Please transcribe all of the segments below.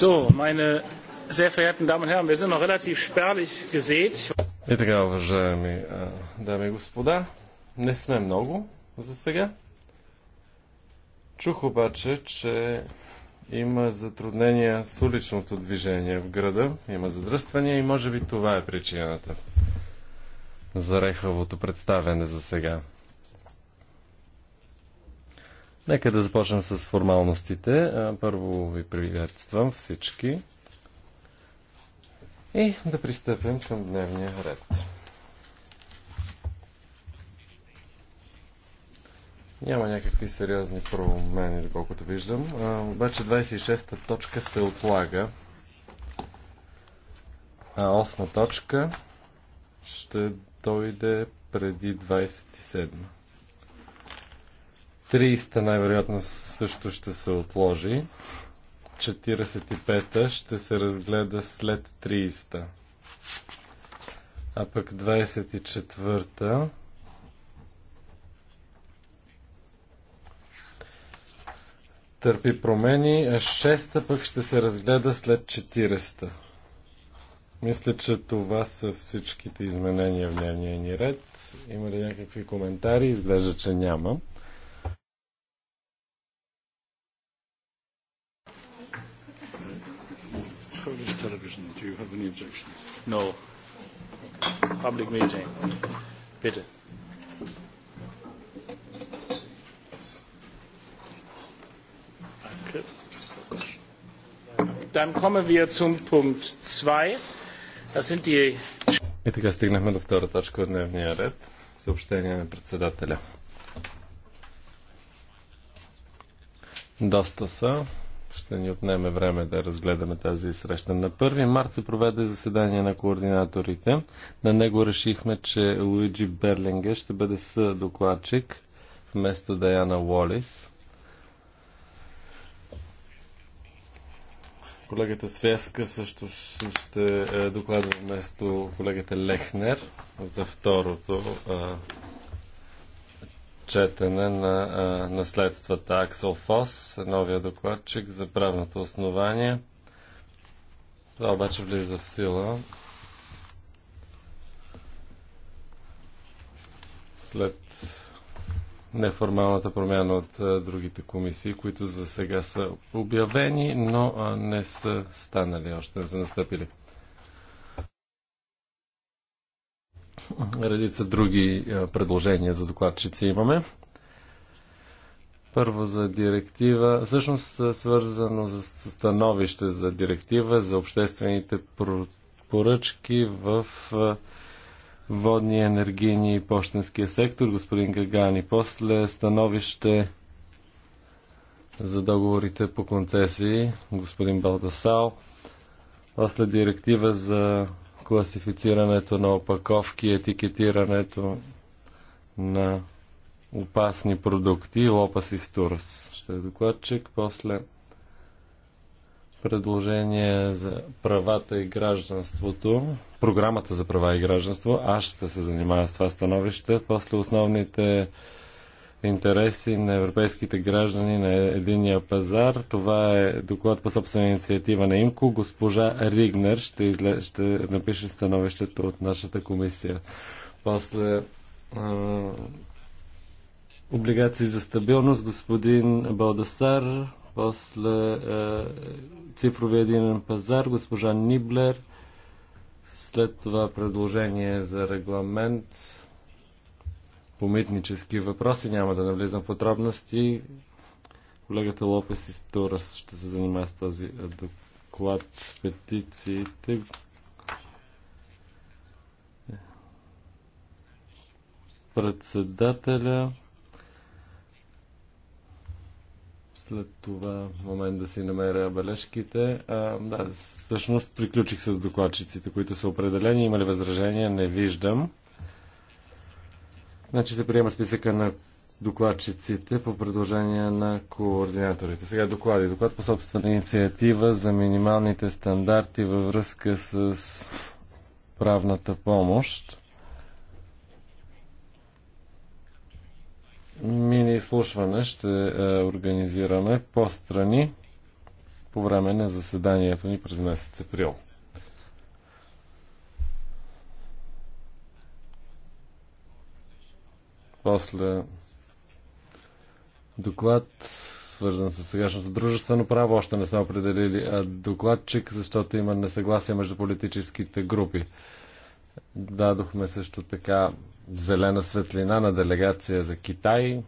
So, meine sehr verehrten Damen und Herren, wir sind noch relativ spärlich gesät. И така, уважаеми дами и господа, не сме много за сега. Чух обаче, че има затруднения с уличното движение в града, има задръствания и може би това е причината за рехавото представяне за сега. Нека да започнем с формалностите. Първо ви приветствам всички. И да пристъпим към дневния ред. Няма някакви сериозни промени, доколкото виждам. А, обаче 26-та точка се отлага. А 8-та точка ще дойде преди 27-та. 300 най-вероятно също ще се отложи. 45-та ще се разгледа след 30-та. А пък 24-та търпи промени, а 6-та пък ще се разгледа след 40-та. Мисля, че това са всичките изменения в дневния ни ред. Има ли някакви коментари? Изглежда, че няма. television. Do you have any objections? No. Public meeting. Bitte. Danke. Dann kommen wir zum Punkt 2. Das sind die... И така стигнахме до втора точка от дневния ред. Съобщение на председателя. Доста са ще ни отнеме време да разгледаме тази среща. На 1 март се проведе заседание на координаторите. На него решихме, че Луиджи Берлинге ще бъде съдокладчик вместо Даяна Уолис. Колегата Свеска също ще е, докладва вместо колегата Лехнер за второто четене на а, наследствата. Аксел Фос, новия докладчик за правното основание. Това обаче влиза в сила след неформалната промяна от а, другите комисии, които за сега са обявени, но а, не са станали още, не са настъпили. Редица други е, предложения за докладчици имаме. Първо за директива, всъщност е, свързано с становище за директива за обществените поръчки в е, водния, енергийни и почтенския сектор. Господин Гагани, после становище за договорите по концесии. Господин Балдасал, после директива за класифицирането на опаковки, етикетирането на опасни продукти. Лопас и Стурас ще е докладчик. После предложение за правата и гражданството, програмата за права и гражданство. Аз ще се занимая с това становище. После основните интереси на европейските граждани на единия пазар. Това е доклад по собствена инициатива на ИМКО. Госпожа Ригнер ще, изле... ще напише становището от нашата комисия. После а... облигации за стабилност, господин Балдасар, после а... цифрови единен пазар, госпожа Ниблер, след това предложение за регламент по митнически въпроси. Няма да навлизам в подробности. Колегата Лопес и Сторас ще се занимава с този доклад с петициите. Председателя. След това момент да си намеря бележките. А, да, всъщност приключих с докладчиците, които са определени. Има ли възражения? Не виждам. Значи се приема списъка на докладчиците по предложение на координаторите. Сега доклади. Доклад по собствена инициатива за минималните стандарти във връзка с правната помощ. Мини слушване ще е, организираме по страни по време на заседанието ни през месец април. После доклад, свързан с сегашното дружествено право. Още не сме определили докладчик, защото има несъгласие между политическите групи. Дадохме също така зелена светлина на делегация за Китай.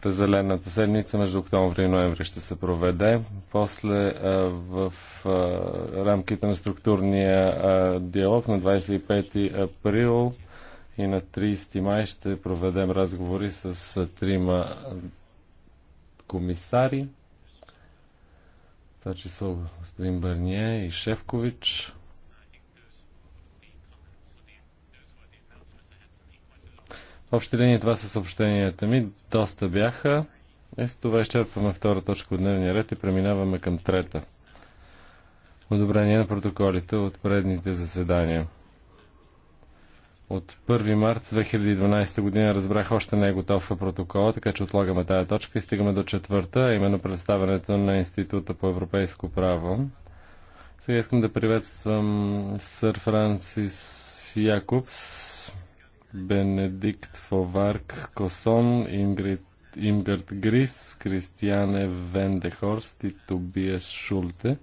През зелената седмица между октомври и ноември ще се проведе. После в рамките на структурния диалог на 25 април и на 30 май ще проведем разговори с трима комисари, това число господин Бърние и Шевкович. В общи линии това са съобщенията ми. Доста бяха. И е, с това изчерпваме втора точка от дневния ред и преминаваме към трета. Одобрение на протоколите от предните заседания. От 1 март 2012 година разбрах, още не е готов протокола, така че отлагаме тая точка и стигаме до четвърта, а именно представянето на Института по европейско право. Сега искам да приветствам сър Франсис Якобс, Бенедикт Фоварк Косон, Ингрид, Имгард Грис, Кристиане Вендехорст и Тобиас Шулте,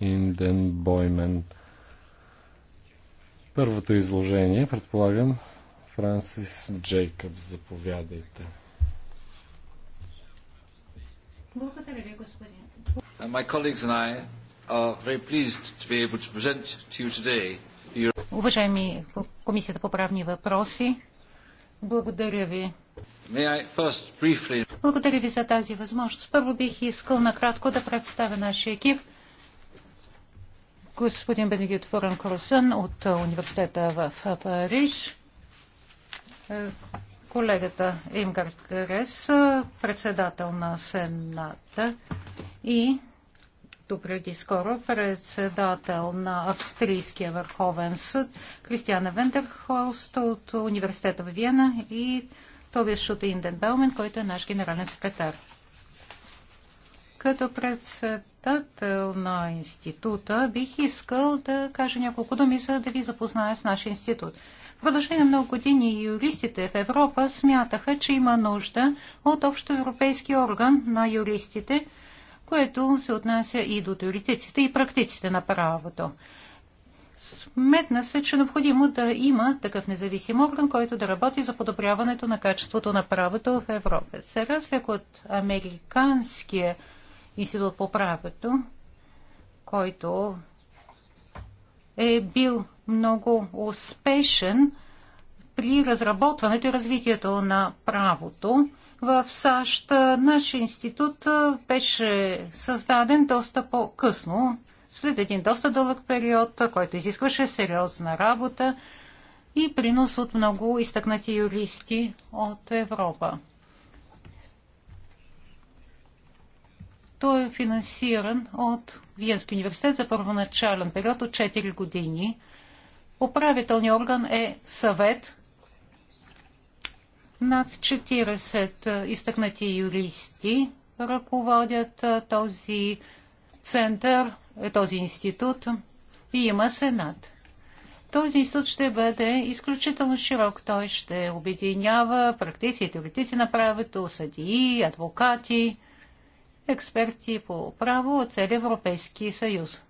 Инден Боймен. Първото изложение, предполагам, Франсис Джейкъб, заповядайте. Благодаря ви, господин. Уважаеми Комисията по правни въпроси, благодаря ви. May I first briefly... Благодаря ви за тази възможност. Първо бих искал накратко да представя нашия екип – господин Бенегит Форен Корсън от университета в Париж. Е, колегата Имгард Грес, председател на Сената и допреди скоро председател на Австрийския върховен съд Кристиана Вендерхолст от университета в Виена и Тобис Шута Инденбаумен, който е наш генерален секретар. Като председател на института бих искал да кажа няколко думи, за да ви запозная с нашия институт. В продължение на много години юристите в Европа смятаха, че има нужда от общо европейски орган на юристите, което се отнася и до теоретиците и практиците на правото. Сметна се, че е необходимо да има такъв независим орган, който да работи за подобряването на качеството на правото в Европа. За разлика от американския Институт по правото, който е бил много успешен при разработването и развитието на правото. В САЩ наш институт беше създаден доста по-късно, след един доста дълъг период, който изискваше сериозна работа и принос от много изтъкнати юристи от Европа. Той е финансиран от Виенски университет за първоначален период от 4 години. Управителният орган е съвет над 40 изтъкнати юристи ръководят този център, е, този институт и има сенат. Този институт ще бъде изключително широк. Той ще обединява практици и теоретици на правото, съдии, адвокати, експерти по право от цели Европейски съюз.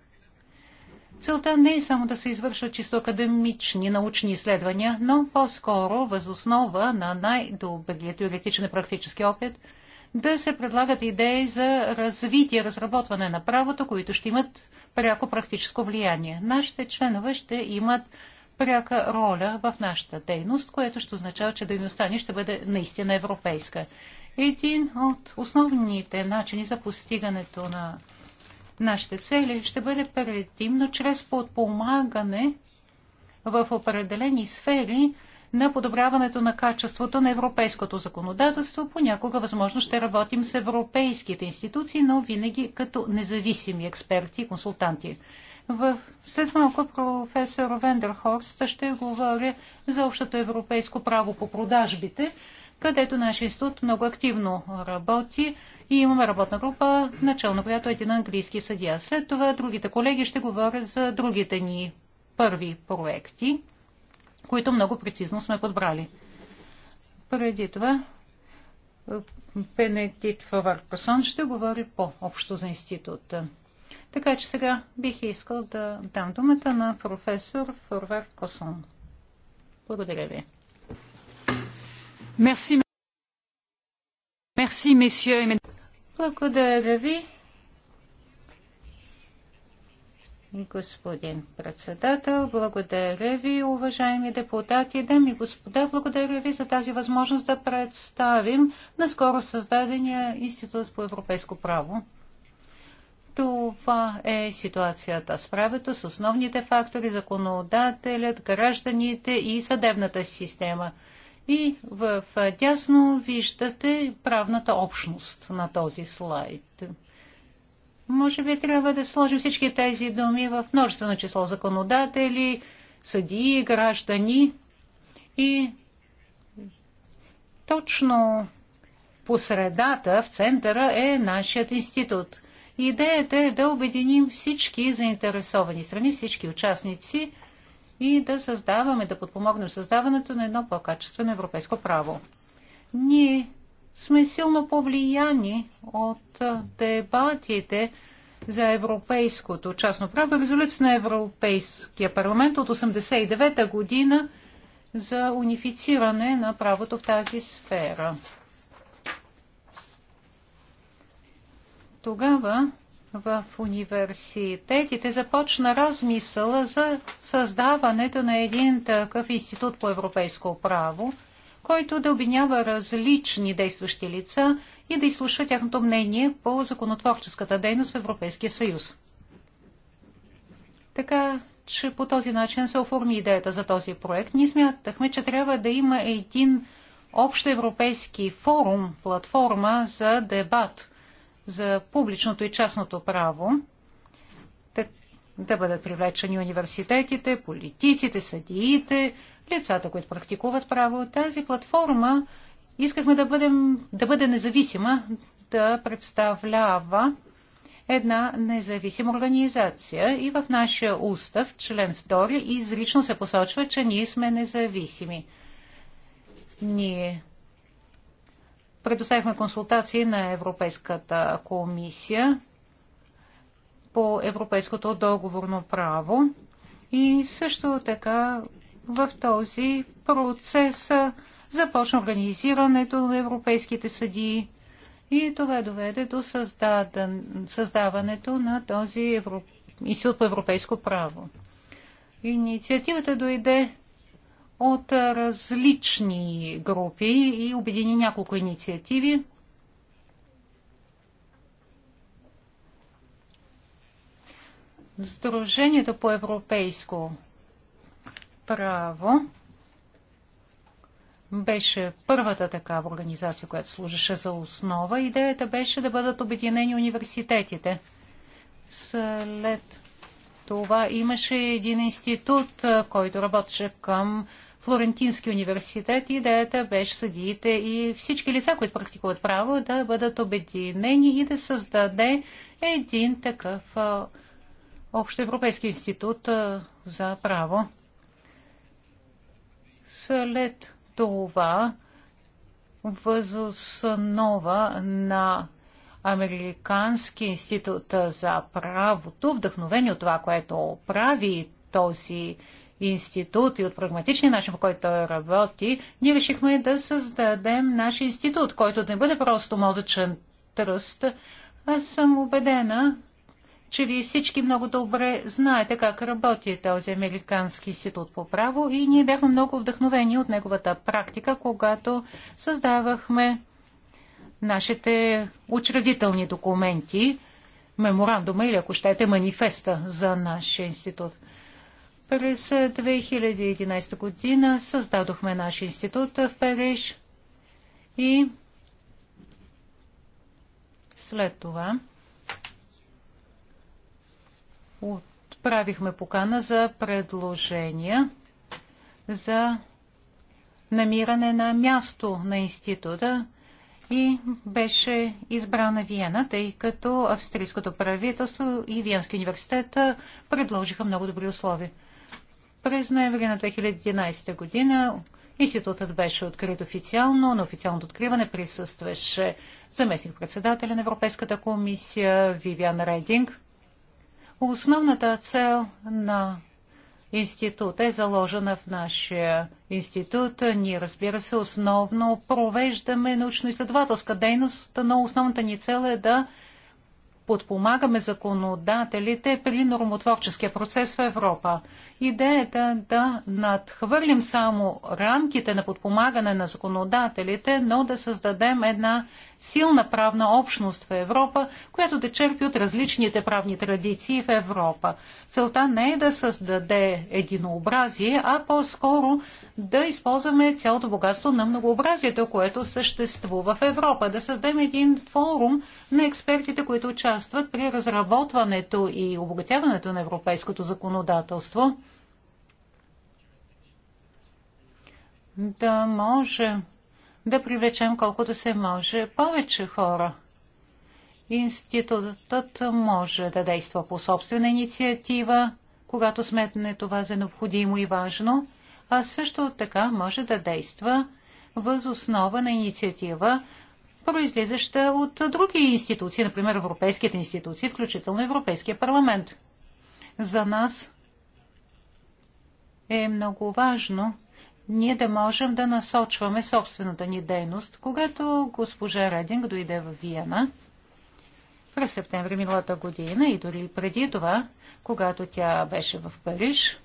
Целта не е само да се извършват чисто академични научни изследвания, но по-скоро възоснова на най-добрия теоретичен и практически опит да се предлагат идеи за развитие, разработване на правото, които ще имат пряко практическо влияние. Нашите членове ще имат пряка роля в нашата дейност, което ще означава, че дейността ни ще бъде наистина европейска. Един от основните начини за постигането на нашите цели ще бъде предимно чрез подпомагане в определени сфери на подобряването на качеството на европейското законодателство. Понякога, възможно, ще работим с европейските институции, но винаги като независими експерти и консултанти. В... След малко професор Вендерхорст ще говори за общото европейско право по продажбите, където нашия институт много активно работи и имаме работна група, начал на която е един английски съдия. След това другите колеги ще говорят за другите ни първи проекти, които много прецизно сме подбрали. Преди това Бенедит Фаваркосон ще говори по-общо за института. Така че сега бих искал да дам думата на професор Форвар Косон. Благодаря ви. Благодаря ви, господин председател. Благодаря ви, уважаеми депутати. Дами и господа, благодаря ви за тази възможност да представим наскоро създадения Институт по европейско право. Това е ситуацията с правето, с основните фактори, законодателят, гражданите и съдебната система – и в дясно виждате правната общност на този слайд. Може би трябва да сложим всички тези думи в множествено число законодатели, съдии, граждани. И точно по средата, в центъра е нашият институт. Идеята е да обединим всички заинтересовани страни, всички участници – и да създаваме, да подпомогнем създаването на едно по-качествено европейско право. Ние сме силно повлияни от дебатите за европейското частно право. Резолюция на Европейския парламент от 1989 година за унифициране на правото в тази сфера. Тогава в университетите започна размисъла за създаването на един такъв институт по европейско право, който да обвинява различни действащи лица и да изслушва тяхното мнение по законотворческата дейност в Европейския съюз. Така че по този начин се оформи идеята за този проект. Ние смятахме, че трябва да има един европейски форум, платформа за дебат – за публичното и частното право, да бъдат привлечени университетите, политиците, съдиите, лицата, които практикуват право. Тази платформа искахме да, бъдем, да бъде независима, да представлява една независима организация и в нашия устав, член 2, изрично се посочва, че ние сме независими. Ние Предоставихме консултации на Европейската комисия по европейското договорно право и също така в този процес започна организирането на европейските съдии и това доведе до създаден, създаването на този Европ... институт по европейско право. Инициативата дойде от различни групи и обедини няколко инициативи. Сдружението по европейско право беше първата такава организация, която служеше за основа. Идеята беше да бъдат обединени университетите. След това имаше един институт, който работеше към Флорентински университет. Идеята беше съдиите и всички лица, които практикуват право, да бъдат обединени и да създаде един такъв Общоевропейски институт за право. След това, възоснова на Американски институт за правото, вдъхновени от това, което прави този институт и от прагматичния начин, по който той работи, ние решихме да създадем наш институт, който да не бъде просто мозъчен тръст. Аз съм убедена, че вие всички много добре знаете как работи този Американски институт по право и ние бяхме много вдъхновени от неговата практика, когато създавахме нашите учредителни документи, меморандума или ако щете манифеста за нашия институт. През 2011 е, година създадохме наш институт в Париж и след това отправихме покана за предложения за намиране на място на института и беше избрана Виена, тъй като австрийското правителство и Виенски университет е, предложиха много добри условия. През ноември на 2011 година институтът беше открит официално. На официалното откриване присъстваше заместник-председателя на Европейската комисия Вивиан Рейдинг. Основната цел на институт е заложена в нашия институт. Ние, разбира се, основно провеждаме научно-изследователска дейност, но основната ни цел е да подпомагаме законодателите при нормотворческия процес в Европа идеята е да надхвърлим само рамките на подпомагане на законодателите, но да създадем една силна правна общност в Европа, която да черпи от различните правни традиции в Европа. Целта не е да създаде единообразие, а по-скоро да използваме цялото богатство на многообразието, което съществува в Европа. Да създадем един форум на експертите, които участват при разработването и обогатяването на европейското законодателство. да можем да привлечем колкото се може повече хора. Институтът може да действа по собствена инициатива, когато сметне това за необходимо и важно, а също така може да действа въз основа на инициатива, произлизаща от други институции, например европейските институции, включително Европейския парламент. За нас е много важно ние да можем да насочваме собствената ни дейност. Когато госпожа Рединг дойде в Виена, през септември миналата година и дори преди това, когато тя беше в Париж,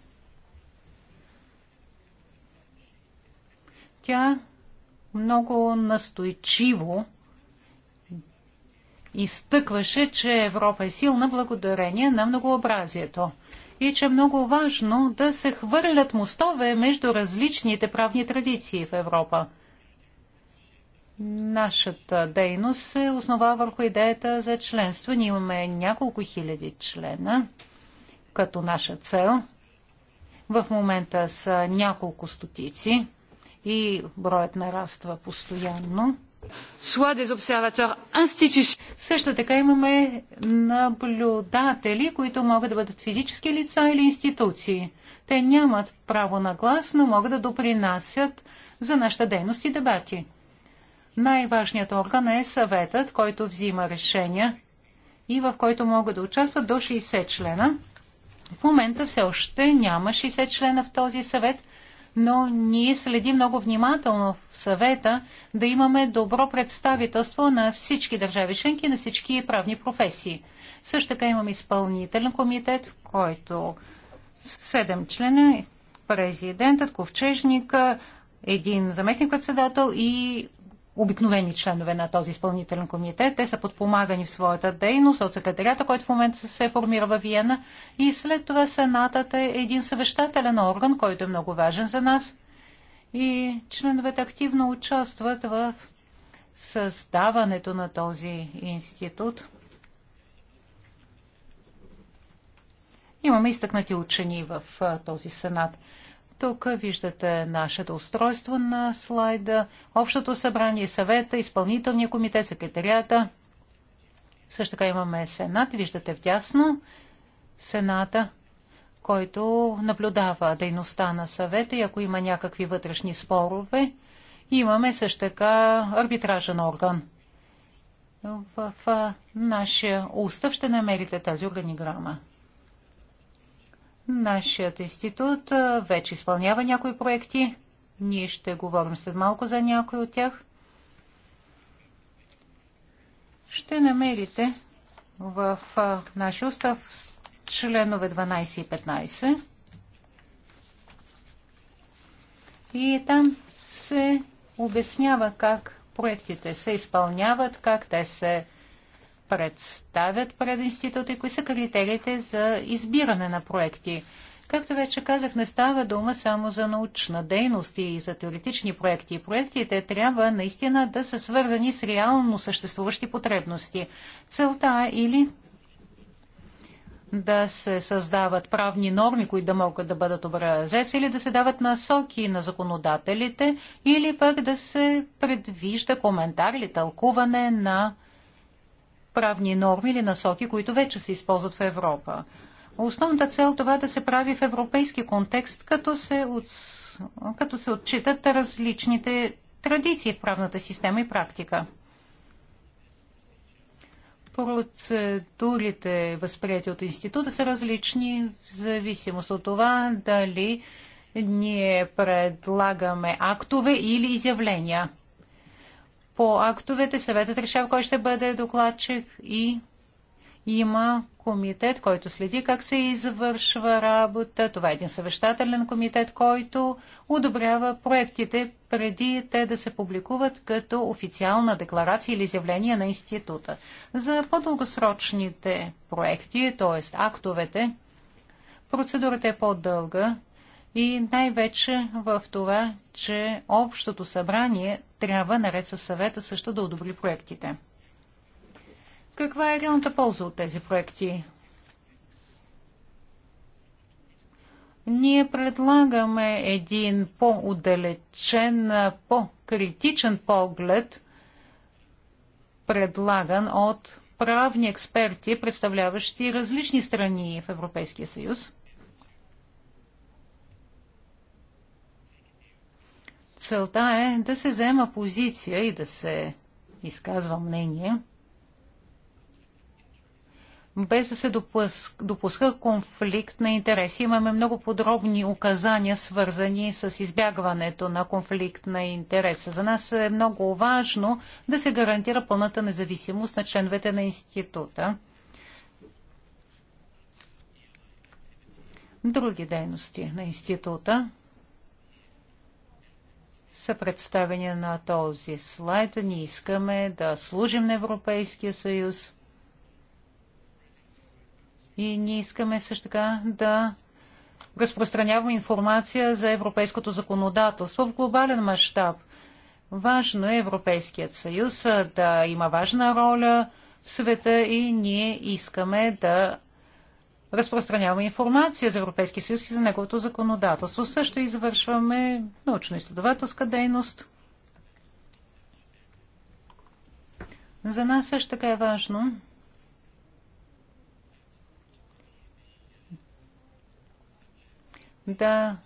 тя много настойчиво изтъкваше, че Европа е силна благодарение на многообразието и че е много важно да се хвърлят мостове между различните правни традиции в Европа. Нашата дейност се основа върху идеята за членство. Ние имаме няколко хиляди члена като наша цел. В момента са няколко стотици и броят нараства постоянно. Също така имаме наблюдатели, които могат да бъдат физически лица или институции. Те нямат право на глас, но могат да допринасят за нашата дейност и дебати. Най-важният орган е съветът, който взима решения и в който могат да участват до 60 члена. В момента все още няма 60 члена в този съвет – но ние следим много внимателно в съвета да имаме добро представителство на всички държави членки, на всички правни професии. Също така имам изпълнителен комитет, в който седем члена, президентът, ковчежника, един заместник-председател и обикновени членове на този изпълнителен комитет. Те са подпомагани в своята дейност от секретарията, който в момента се формира в Виена. И след това Сенатът е един съвещателен орган, който е много важен за нас. И членовете активно участват в създаването на този институт. Имаме изтъкнати учени в този сенат. Тук виждате нашето устройство на слайда, Общото събрание, съвета, изпълнителния комитет, секретарията. Също така имаме Сенат, виждате вдясно Сената, който наблюдава дейността на съвета и ако има някакви вътрешни спорове, имаме също така арбитражен орган. В нашия устав ще намерите тази органиграма. Нашият институт вече изпълнява някои проекти. Ние ще говорим след малко за някои от тях. Ще намерите в нашия устав членове 12 и 15. И там се обяснява как проектите се изпълняват, как те се представят пред института и кои са критериите за избиране на проекти. Както вече казах, не става дума само за научна дейност и за теоретични проекти. Проектите трябва наистина да са свързани с реално съществуващи потребности. Целта е или да се създават правни норми, които да могат да бъдат образец, или да се дават насоки на законодателите, или пък да се предвижда коментар или тълкуване на правни норми или насоки, които вече се използват в Европа. Основната цел това е да се прави в европейски контекст, като се, от... като се отчитат различните традиции в правната система и практика. Процедурите, възприяти от института, са различни в зависимост от това дали ние предлагаме актове или изявления по актовете. Съветът решава кой ще бъде докладчик и има комитет, който следи как се извършва работа. Това е един съвещателен комитет, който одобрява проектите преди те да се публикуват като официална декларация или изявление на института. За по-дългосрочните проекти, т.е. актовете, процедурата е по-дълга и най-вече в това, че Общото събрание трябва наред със съвета също да одобри проектите. Каква е реалната полза от тези проекти? Ние предлагаме един по-удалечен, по-критичен поглед, предлаган от правни експерти, представляващи различни страни в Европейския съюз. целта е да се взема позиция и да се изказва мнение, без да се допуска, допуска конфликт на интереси. Имаме много подробни указания, свързани с избягването на конфликт на интереса. За нас е много важно да се гарантира пълната независимост на членовете на института. Други дейности на института – са представени на този слайд. Ние искаме да служим на Европейския съюз и ние искаме също така да разпространяваме информация за европейското законодателство в глобален мащаб. Важно е Европейският съюз да има важна роля в света и ние искаме да разпространява информация за Европейския съюз и за неговото законодателство. Също извършваме научно-изследователска дейност. За нас също така е важно да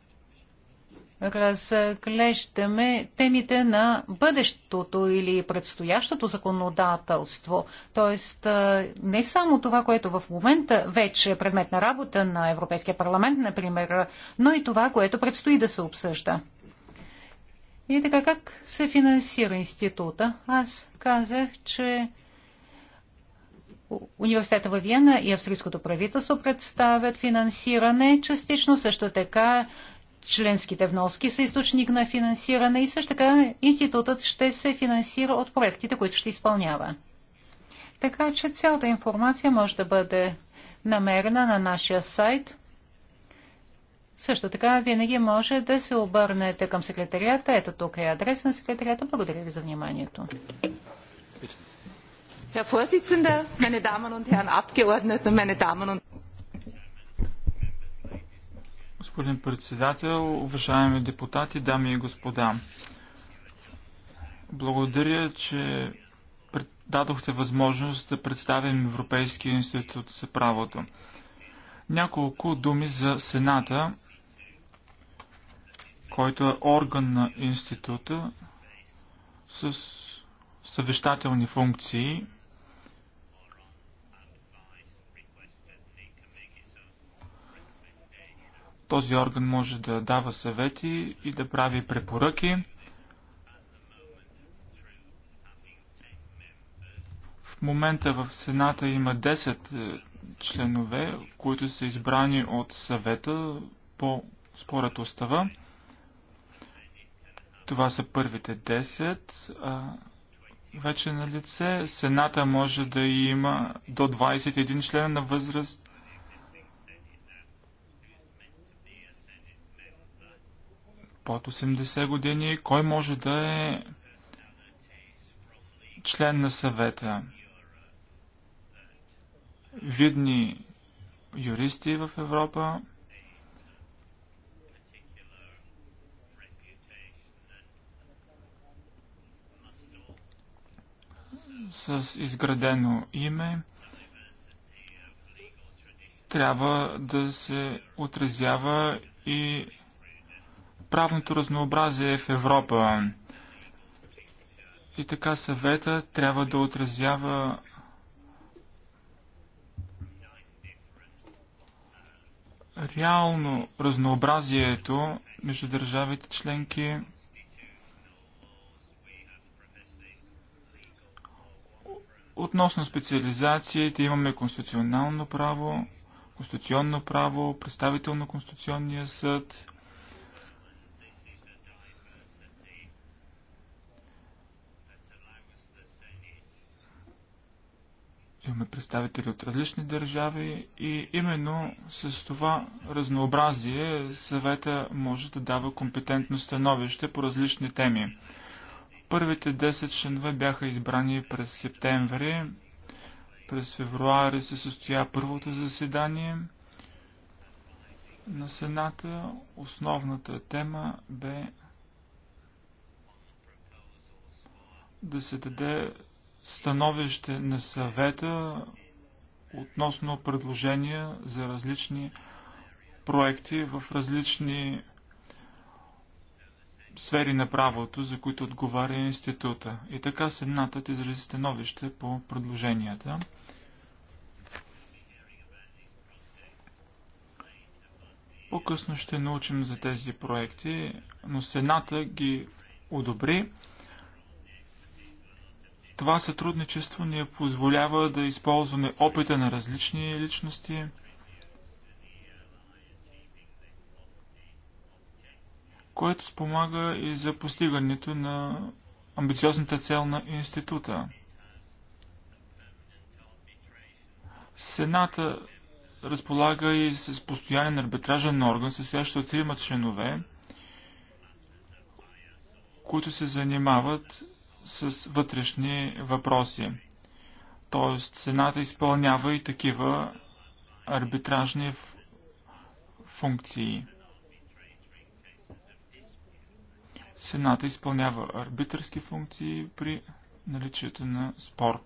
разглеждаме темите на бъдещото или предстоящото законодателство. Тоест не само това, което в момента вече е предмет на работа на Европейския парламент, например, но и това, което предстои да се обсъжда. И така как се финансира института? Аз казах, че Университета във Виена и австрийското правителство представят финансиране, частично също така членските вноски са източник на финансиране и също така институтът ще се финансира от проектите, които ще изпълнява. Така че цялата информация може да бъде намерена на нашия сайт. Също така винаги може да се обърнете към секретарията. Ето тук е адрес на секретарията. Благодаря ви за вниманието. Herr Vorsitzender, meine Damen und Herren meine Damen und Господин председател, уважаеми депутати, дами и господа. Благодаря, че дадохте възможност да представим Европейския институт за правото. Няколко думи за Сената, който е орган на института с съвещателни функции – Този орган може да дава съвети и да прави препоръки. В момента в Сената има 10 е, членове, които са избрани от съвета по според устава. Това са първите 10. А, вече на лице Сената може да има до 21 члена на възраст под 80 години, кой може да е член на съвета? Видни юристи в Европа, с изградено име, трябва да се отразява и правното разнообразие в Европа. И така съвета трябва да отразява реално разнообразието между държавите членки относно специализациите имаме конституционално право, конституционно право, представително конституционния съд, Имаме представители от различни държави и именно с това разнообразие съвета може да дава компетентно становище по различни теми. Първите 10 членове бяха избрани през септември. През февруари се състоя първото заседание на Сената. Основната тема бе да се даде становище на съвета относно предложения за различни проекти в различни сфери на правото, за които отговаря института. И така Сенатът изрази становище по предложенията. По-късно ще научим за тези проекти, но Сената ги одобри. Това сътрудничество ни е позволява да използваме опита на различни личности, което спомага и за постигането на амбициозната цел на института. Сената разполага и с постоянен арбитражен орган, състоящ от трима членове, които се занимават с вътрешни въпроси. Тоест, цената изпълнява и такива арбитражни функции. Сената изпълнява арбитърски функции при наличието на спор.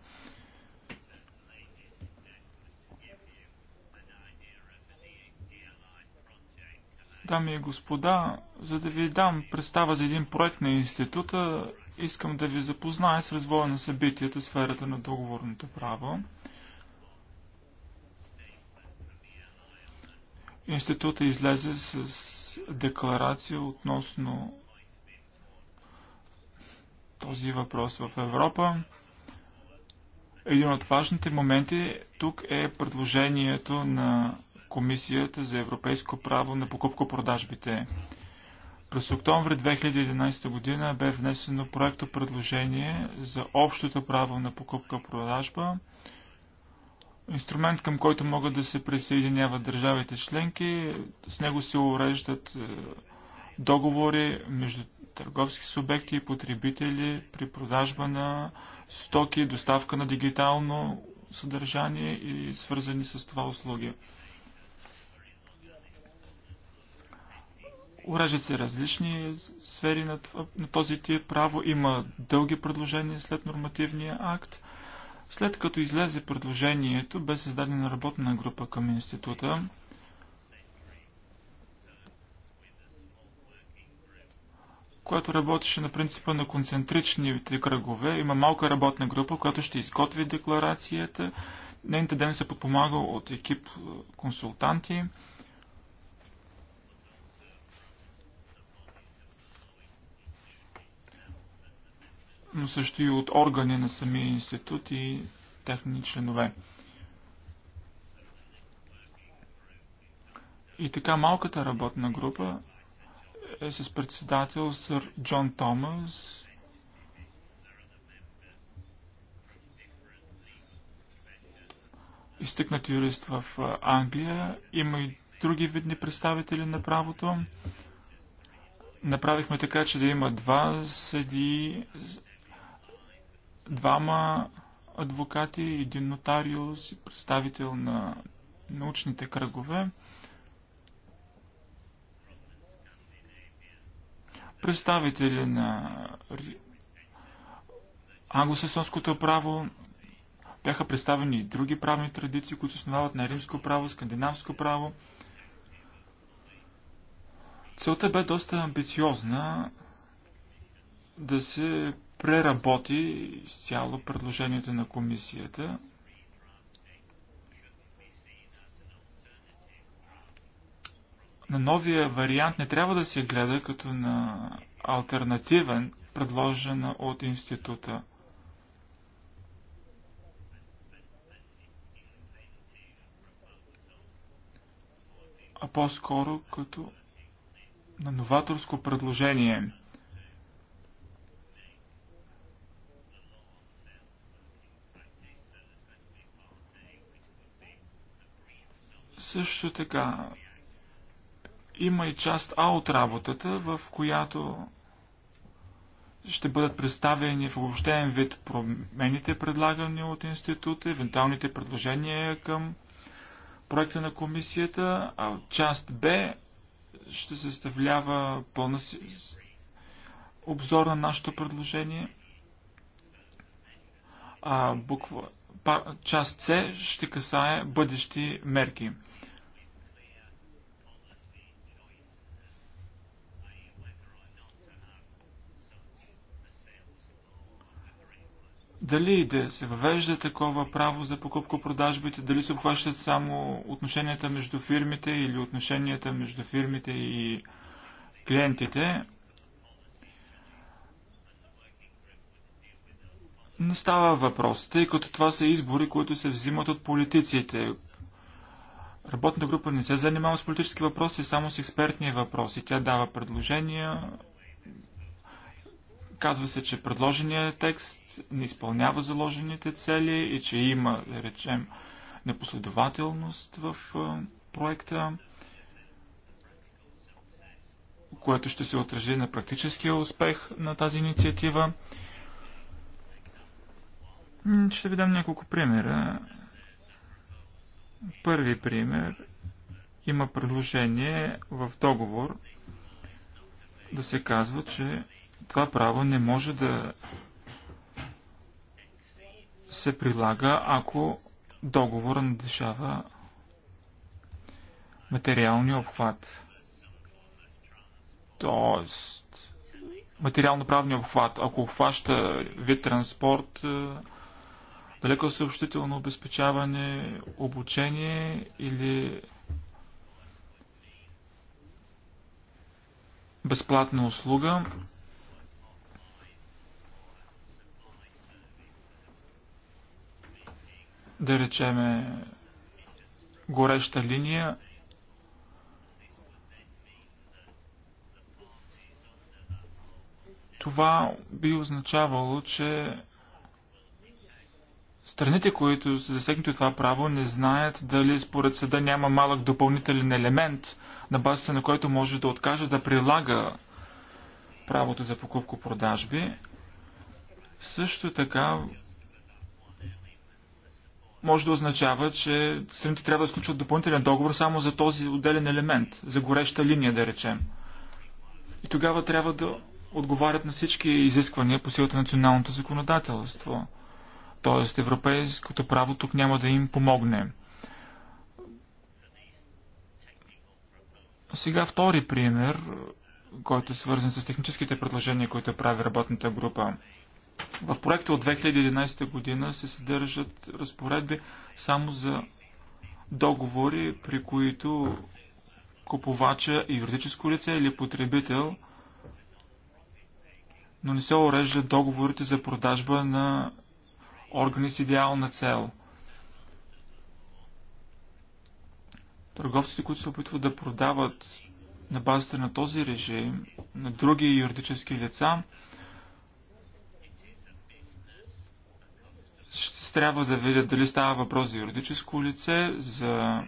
Дами и господа, за да ви дам представа за един проект на института, Искам да ви запозная с развоя на събитията в сферата на договорното право. Института излезе с декларация относно този въпрос в Европа. Един от важните моменти тук е предложението на Комисията за европейско право на покупко-продажбите. През октомври 2011 година бе внесено проекто предложение за общото право на покупка-продажба, инструмент към който могат да се присъединяват държавите членки. С него се уреждат е, договори между търговски субекти и потребители при продажба на стоки, доставка на дигитално съдържание и свързани с това услуги. Уреждат се различни сфери на, на този тип право. Има дълги предложения след нормативния акт. След като излезе предложението, бе създадена работна група към института. която работеше на принципа на концентричните кръгове. Има малка работна група, която ще изготви декларацията. Нейната ден се подпомага от екип е, консултанти. но също и от органи на самия институт и техни членове. И така малката работна група е с председател сър Джон Томас, изтъкнат юрист в Англия. Има и други видни представители на правото. Направихме така, че да има два съди двама адвокати, един нотариус и представител на научните кръгове. Представители на англосасонското право бяха представени и други правни традиции, които се основават на римско право, скандинавско право. Целта бе доста амбициозна да се преработи изцяло предложението на комисията. На новия вариант не трябва да се гледа като на альтернативен, предложен от института. а по-скоро като на новаторско предложение. Също така, има и част А от работата, в която ще бъдат представени в обобщен вид промените, предлагани от института, евентуалните предложения към проекта на комисията, а част Б ще съставлява пълна обзор на нашето предложение, а буква, част С ще касае бъдещи мерки. Дали да се въвежда такова право за покупко-продажбите, дали се обхващат само отношенията между фирмите или отношенията между фирмите и клиентите, не става въпрос, тъй като това са избори, които се взимат от политиците. Работната група не се занимава с политически въпроси, само с експертни въпроси. Тя дава предложения, Казва се, че предложения текст не изпълнява заложените цели и че има, да речем, непоследователност в проекта, което ще се отрази на практическия успех на тази инициатива. Ще ви дам няколко примера. Първи пример. Има предложение в договор да се казва, че това право не може да се прилага, ако договор надвишава материалния обхват. Тоест, материално-правния обхват, ако обхваща вид транспорт, е, далеко съобщително обезпечаване, обучение или безплатна услуга, да речеме гореща линия, това би означавало, че страните, които са засегнати от това право, не знаят дали според съда няма малък допълнителен елемент, на базата на който може да откаже да прилага правото за покупко-продажби. Също така може да означава, че страните трябва да сключват допълнителен договор само за този отделен елемент, за гореща линия, да речем. И тогава трябва да отговарят на всички изисквания по силата на националното законодателство. Тоест, европейското право тук няма да им помогне. Сега втори пример, който е свързан с техническите предложения, които прави работната група. В проекта от 2011 година се съдържат разпоредби само за договори, при които купувача и е юридическо лице или потребител, но не се уреждат договорите за продажба на органи с идеална цел. Търговците, които се опитват да продават на базата на този режим на други юридически лица, ще трябва да видят дали става въпрос за юридическо лице, за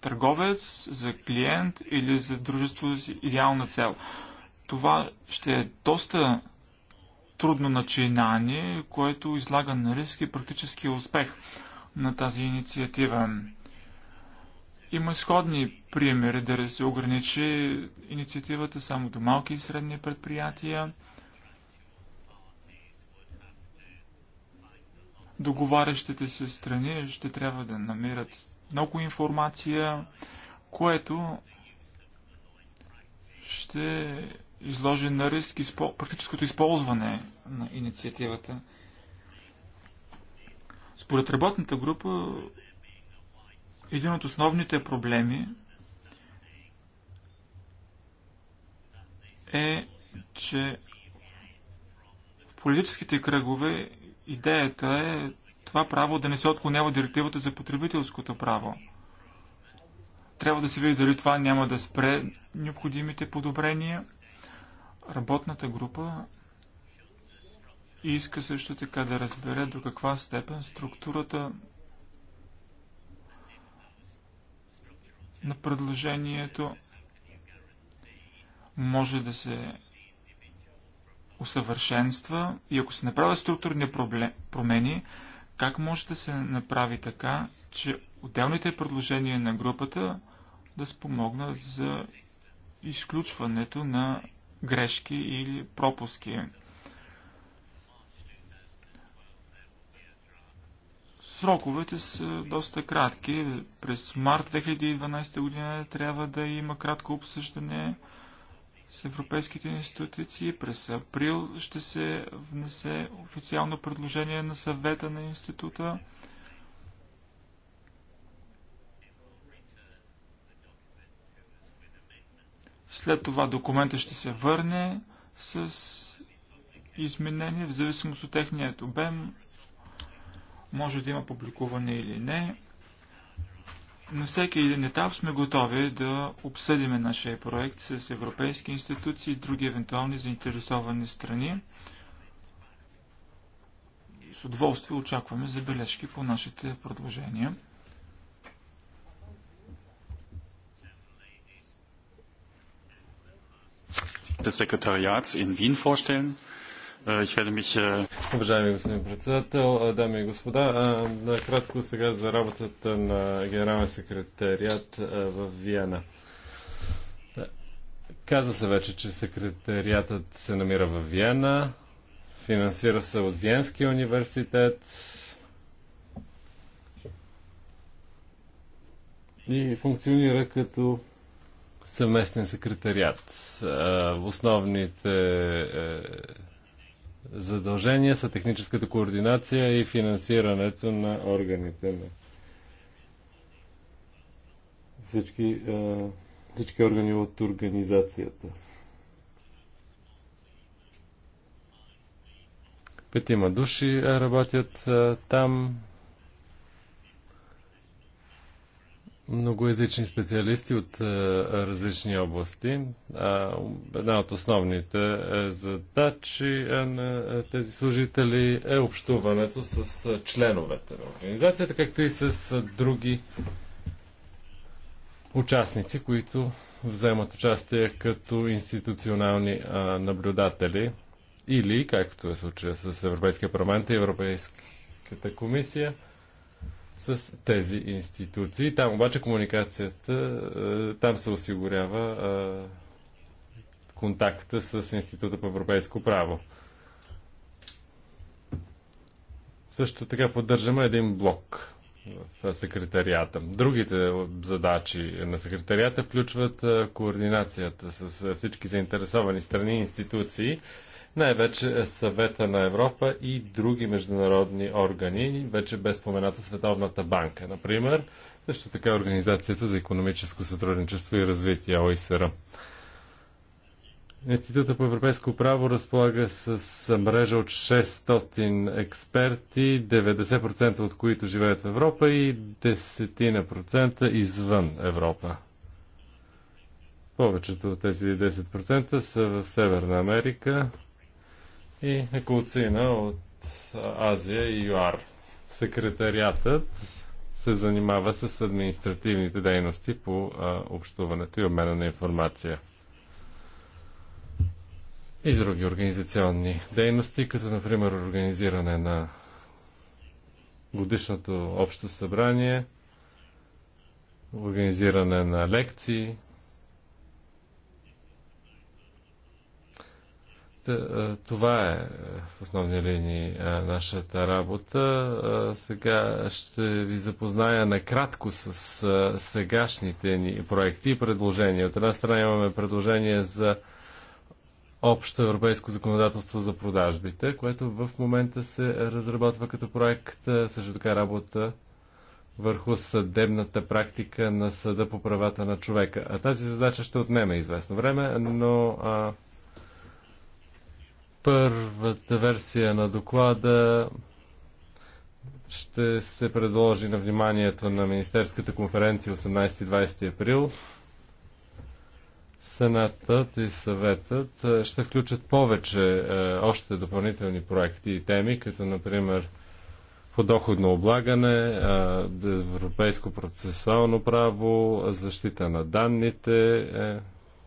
търговец, за клиент или за дружество с идеална цел. Това ще е доста трудно начинание, което излага на риски практически успех на тази инициатива. Има сходни примери да се ограничи инициативата само до малки и средни предприятия. договарящите се страни ще трябва да намерят много информация, което ще изложи на риск практическото използване на инициативата. Според работната група, един от основните проблеми е, че в политическите кръгове Идеята е това право да не се отклонява директивата за потребителското право. Трябва да се види дали това няма да спре необходимите подобрения. Работната група иска също така да разбере до каква степен структурата на предложението може да се усъвършенства и ако се направят структурни промени, как може да се направи така, че отделните предложения на групата да спомогнат за изключването на грешки или пропуски. Сроковете са доста кратки. През март 2012 година трябва да има кратко обсъждане, с европейските институции. През април ще се внесе официално предложение на съвета на института. След това документа ще се върне с изменение в зависимост от техният обем. Може да има публикуване или не. На всеки един етап сме готови да обсъдиме нашия проект с европейски институции и други евентуални заинтересовани страни. С удоволствие очакваме забележки по нашите предложения. des Sekretariats in Wien vorstellen. Е, Уважаеми господин председател, е, дами и господа, е, накратко сега за работата на Генерален секретариат в Виена. Каза се вече, че секретариатът се намира в Виена, финансира се от Виенския университет и функционира като съвместен секретариат. Основните задължения са техническата координация и финансирането на органите на всички, всички органи от организацията. Петима души работят там. многоязични специалисти от е, различни области. Една от основните е, задачи е, на тези служители е общуването с членовете на организацията, както и с други участници, които вземат участие като институционални наблюдатели или, както е случая с Европейския парламент и Европейската комисия, с тези институции. Там обаче комуникацията, е, там се осигурява е, контакта с Института по европейско право. Също така поддържаме един блок в секретарията. Другите задачи на секретарията включват е, координацията с всички заинтересовани страни и институции най-вече е съвета на Европа и други международни органи, вече без спомената Световната банка, например, също така Организацията за економическо сътрудничество и развитие ОИСР. Института по европейско право разполага с мрежа от 600 експерти, 90% от които живеят в Европа и 10% извън Европа. Повечето от тези 10% са в Северна Америка, и екоцина от Азия и ЮАР. Секретариатът се занимава с административните дейности по а, общуването и обмена на информация. И други организационни дейности, като например организиране на годишното общо събрание, организиране на лекции, Е, това е, е в основни линии е, нашата работа. Сега ще ви запозная накратко с сегашните ни проекти и предложения. От една страна имаме предложение за общо европейско законодателство за продажбите, което в момента се разработва като проект. Също така работа върху съдебната практика на съда по правата на човека. А тази задача ще отнеме известно време, но а, Първата версия на доклада ще се предложи на вниманието на Министерската конференция 18-20 април. Сенатът и съветът е, ще включат повече е, още допълнителни проекти и теми, като например подоходно облагане, е, европейско процесуално право, защита на данните,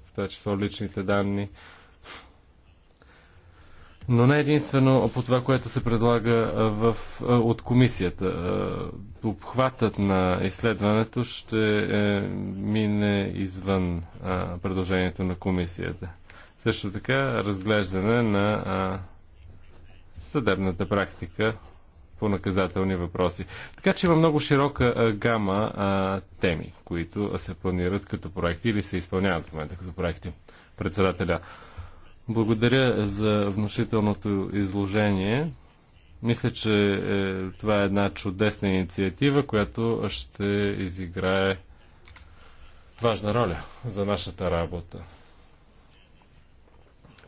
в това число личните данни, но не единствено по това, което се предлага в, от комисията. Обхватът на изследването ще е, мине извън предложението на комисията. Също така разглеждане на съдебната практика по наказателни въпроси. Така че има много широка гама теми, които се планират като проекти или се изпълняват в момента като проекти. Председателя. Благодаря за внушителното изложение. Мисля, че е, това е една чудесна инициатива, която ще изиграе важна роля за нашата работа.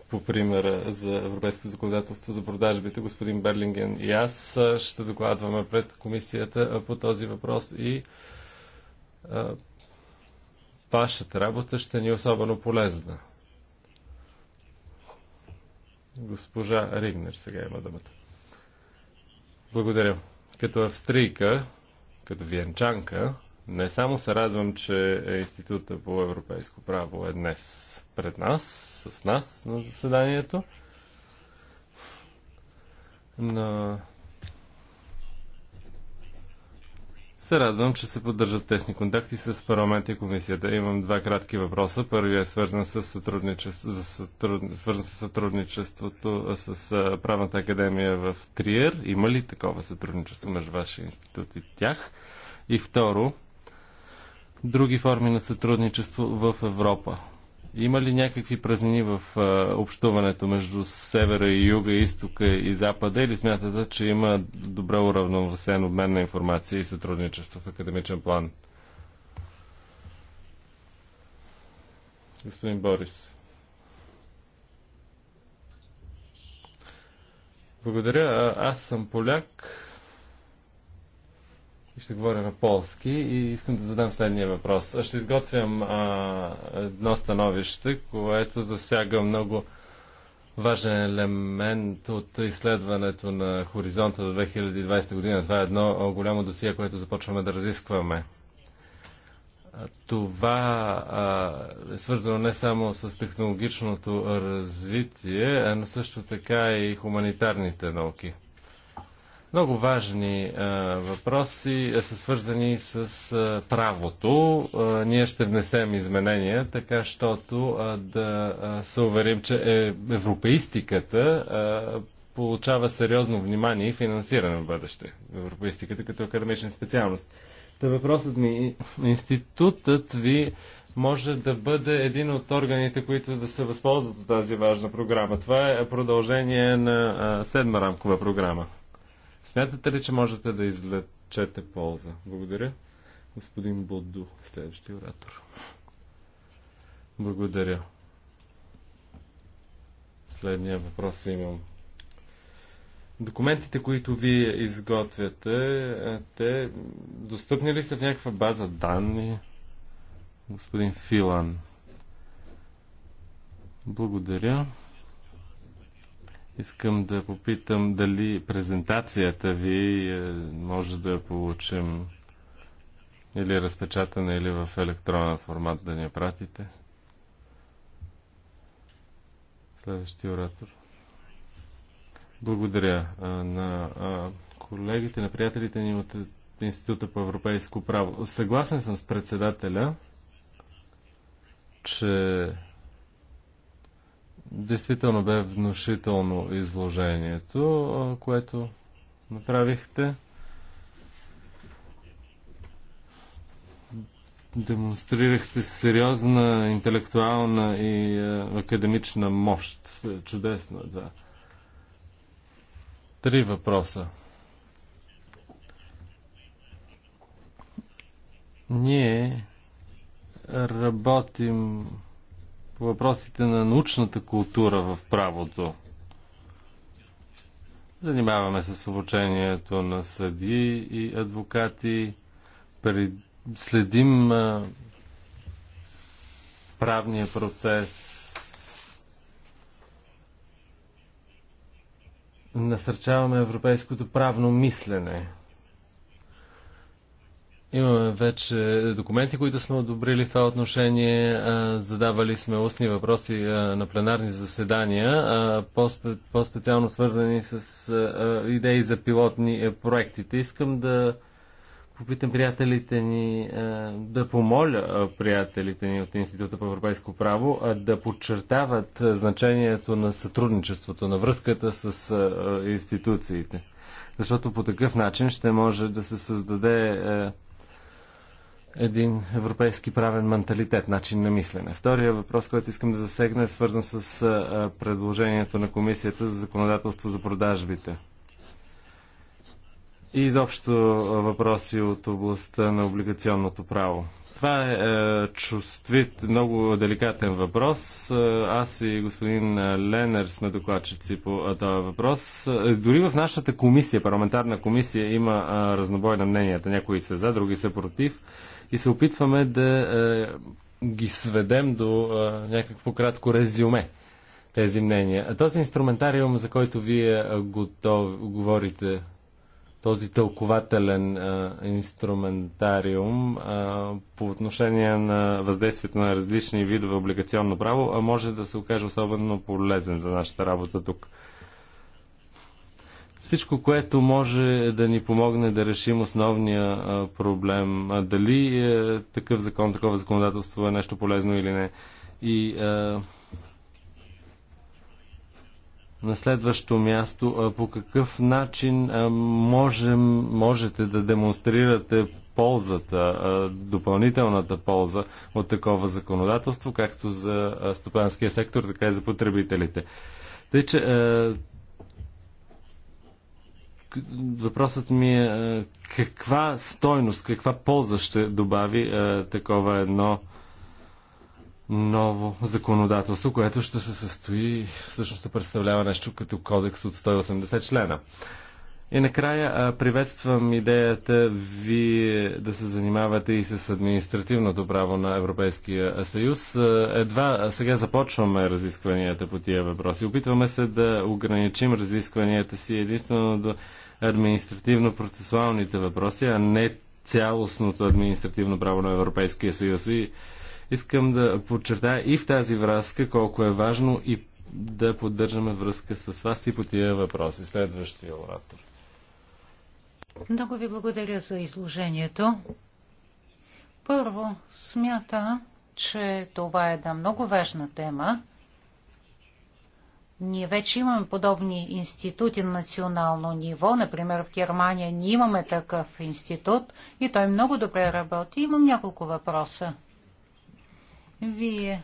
По примера за европейско законодателство за продажбите, господин Берлинген и аз ще докладваме пред комисията по този въпрос и а, вашата работа ще ни е особено полезна. Госпожа Ригнер сега има думата. Благодаря. Като австрийка, като виенчанка, не само се радвам, че е Института по европейско право е днес пред нас, с нас на заседанието, на се радвам, че се поддържат тесни контакти с парламента и комисията. Имам два кратки въпроса. Първият е свързан с, сътрудничество, за сътруд... свързан с сътрудничеството с Правната академия в Триер. Има ли такова сътрудничество между вашия институт и тях? И второ, други форми на сътрудничество в Европа. Има ли някакви празнини в а, общуването между севера и юга, изтока и запада или смятате, че има добре уравновесен обмен на информация и сътрудничество в академичен план? Господин Борис. Благодаря. Аз съм поляк и ще говоря на полски и искам да задам следния въпрос. Ще изготвям а, едно становище, което засяга много важен елемент от изследването на хоризонта до 2020 година. Това е едно голямо досие, което започваме да разискваме. Това а, е свързано не само с технологичното развитие, но също така и хуманитарните науки. Много важни а, въпроси са свързани с а, правото. А, ние ще внесем изменения, така щото а, да а, се уверим, че е, европеистиката а, получава сериозно внимание и финансиране в бъдеще. Европеистиката като академична специалност. Та въпросът ми, институтът ви може да бъде един от органите, които да се възползват от тази важна програма. Това е продължение на а, седма рамкова програма. Смятате ли, че можете да извлечете полза? Благодаря. Господин Бодду, следващия оратор. Благодаря. Следния въпрос имам. Документите, които вие изготвяте, е, те достъпни ли са в някаква база данни? Господин Филан. Благодаря. Искам да попитам дали презентацията ви е, може да получим или разпечатана, или в електронен формат да ни пратите. Следващия оратор. Благодаря на колегите, на приятелите ни от Института по европейско право. Съгласен съм с председателя, че Действително бе внушително изложението, което направихте. Демонстрирахте сериозна интелектуална и академична мощ. Чудесно е това. Три въпроса. Ние работим по въпросите на научната култура в правото. Занимаваме се с обучението на съди и адвокати. Следим правния процес. Насърчаваме европейското правно мислене. Имаме вече документи, които сме одобрили в това отношение. Задавали сме устни въпроси на пленарни заседания, по-специално свързани с идеи за пилотни е, проектите. Искам да попитам приятелите ни, да помоля приятелите ни от Института по европейско право да подчертават значението на сътрудничеството, на връзката с институциите. Защото по такъв начин ще може да се създаде един европейски правен менталитет, начин на мислене. Втория въпрос, който искам да засегна, е свързан с предложението на Комисията за законодателство за продажбите. И изобщо въпроси от областта на облигационното право. Това е, чувствит, много деликатен въпрос. Аз и господин Ленер сме докладчици по този въпрос. Дори в нашата комисия, парламентарна комисия, има разнобой на мненията. Някои са за, други са против и се опитваме да е, ги сведем до е, някакво кратко резюме тези мнения. Този инструментариум, за който вие е, готов, говорите, този тълкователен е, инструментариум е, по отношение на въздействието на различни видове облигационно право, е, може да се окаже особено полезен за нашата работа тук всичко, което може да ни помогне да решим основния проблем. Дали е такъв закон, такова законодателство е нещо полезно или не. И е, на следващо място, по какъв начин можем, можете да демонстрирате ползата, допълнителната полза от такова законодателство, както за стопанския сектор, така и за потребителите. Тъй, че въпросът ми е, е каква стойност, каква полза ще добави е, такова едно ново законодателство, което ще се състои, всъщност представлява нещо като кодекс от 180 члена. И накрая е, приветствам идеята ви да се занимавате и с административното право на Европейския съюз. Е, едва сега започваме разискванията по тия въпроси. Опитваме се да ограничим разискванията си единствено до административно-процесуалните въпроси, а не цялостното административно право на Европейския съюз. И искам да подчертая и в тази връзка колко е важно и да поддържаме връзка с вас и по тия въпроси. Следващия оратор. Много ви благодаря за изложението. Първо, смята, че това е една много важна тема ние вече имаме подобни институти на национално ниво. Например, в Германия ние имаме такъв институт и той много добре работи. Имам няколко въпроса. Вие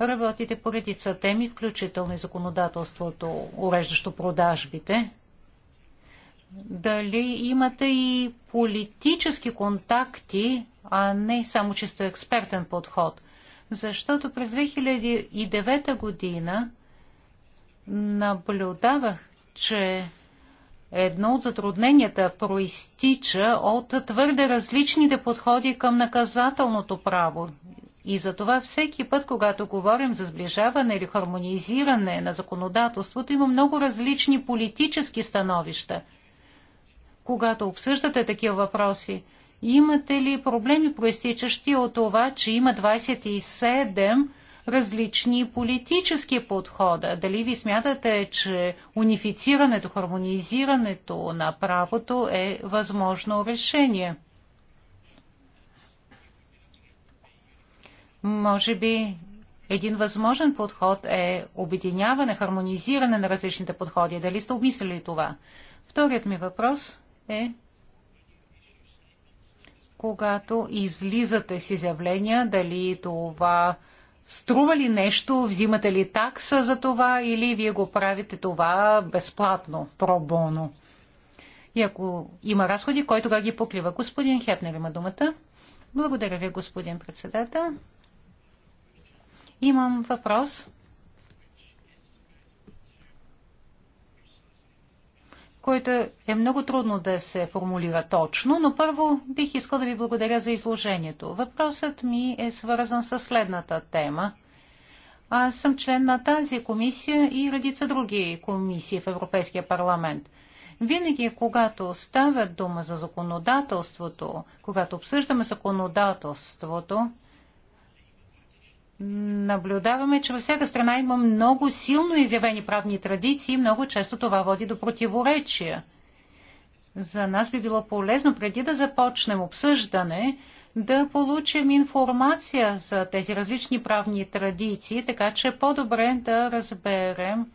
работите по редица теми, включително и законодателството, уреждащо продажбите. Дали имате и политически контакти, а не само чисто експертен подход? Защото през 2009 година наблюдавах, че едно от затрудненията проистича от твърде различните подходи към наказателното право. И затова всеки път, когато говорим за сближаване или хармонизиране на законодателството, има много различни политически становища. Когато обсъждате такива въпроси, имате ли проблеми, проистичащи от това, че има 27 различни политически подхода. Дали ви смятате, че унифицирането, хармонизирането на правото е възможно решение? Може би един възможен подход е обединяване, хармонизиране на различните подходи. Дали сте обмислили това? Вторият ми въпрос е когато излизате с изявления, дали това Струва ли нещо, взимате ли такса за това или вие го правите това безплатно, пробоно? И ако има разходи, кой тогава ги покрива? Господин Хепнер има думата. Благодаря ви, господин председател. Имам въпрос който е много трудно да се формулира точно, но първо бих искал да ви благодаря за изложението. Въпросът ми е свързан с следната тема. Аз съм член на тази комисия и редица други комисии в Европейския парламент. Винаги, когато става дума за законодателството, когато обсъждаме законодателството, наблюдаваме, че във всяка страна има много силно изявени правни традиции и много често това води до противоречия. За нас би било полезно, преди да започнем обсъждане, да получим информация за тези различни правни традиции, така че е по-добре да разберем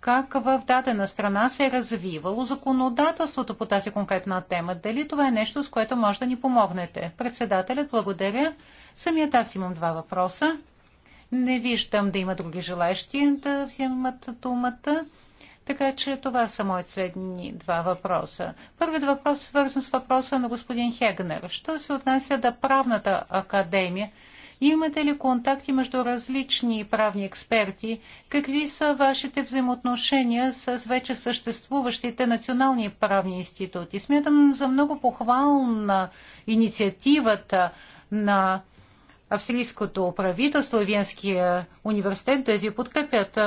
как в дадена страна се е развивало законодателството по тази конкретна тема. Дали това е нещо, с което може да ни помогнете? Председателят, благодаря. Самият аз имам два въпроса. Не виждам да има други желащи да вземат думата. Така че това са моите следни два въпроса. Първият въпрос е свързан с въпроса на господин Хегнер. Що се отнася до правната академия? Имате ли контакти между различни правни експерти? Какви са вашите взаимоотношения с вече съществуващите национални правни институти? Смятам за много похвална инициативата на австрийското правителство и Венския университет да ви подкрепят.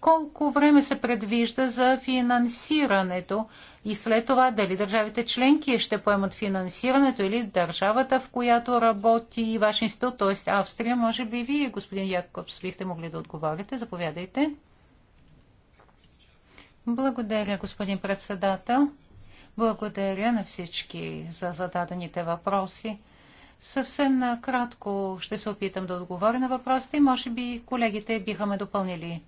Колко време се предвижда за финансирането и след това дали държавите членки ще поемат финансирането или държавата, в която работи ваш институт, т.е. Австрия, може би вие, господин Якобс, бихте могли да отговорите. Заповядайте. Благодаря, господин председател. Благодаря на всички за зададените въпроси. Съвсем накратко ще се опитам да отговоря на въпросите и може би колегите биха ме допълнили.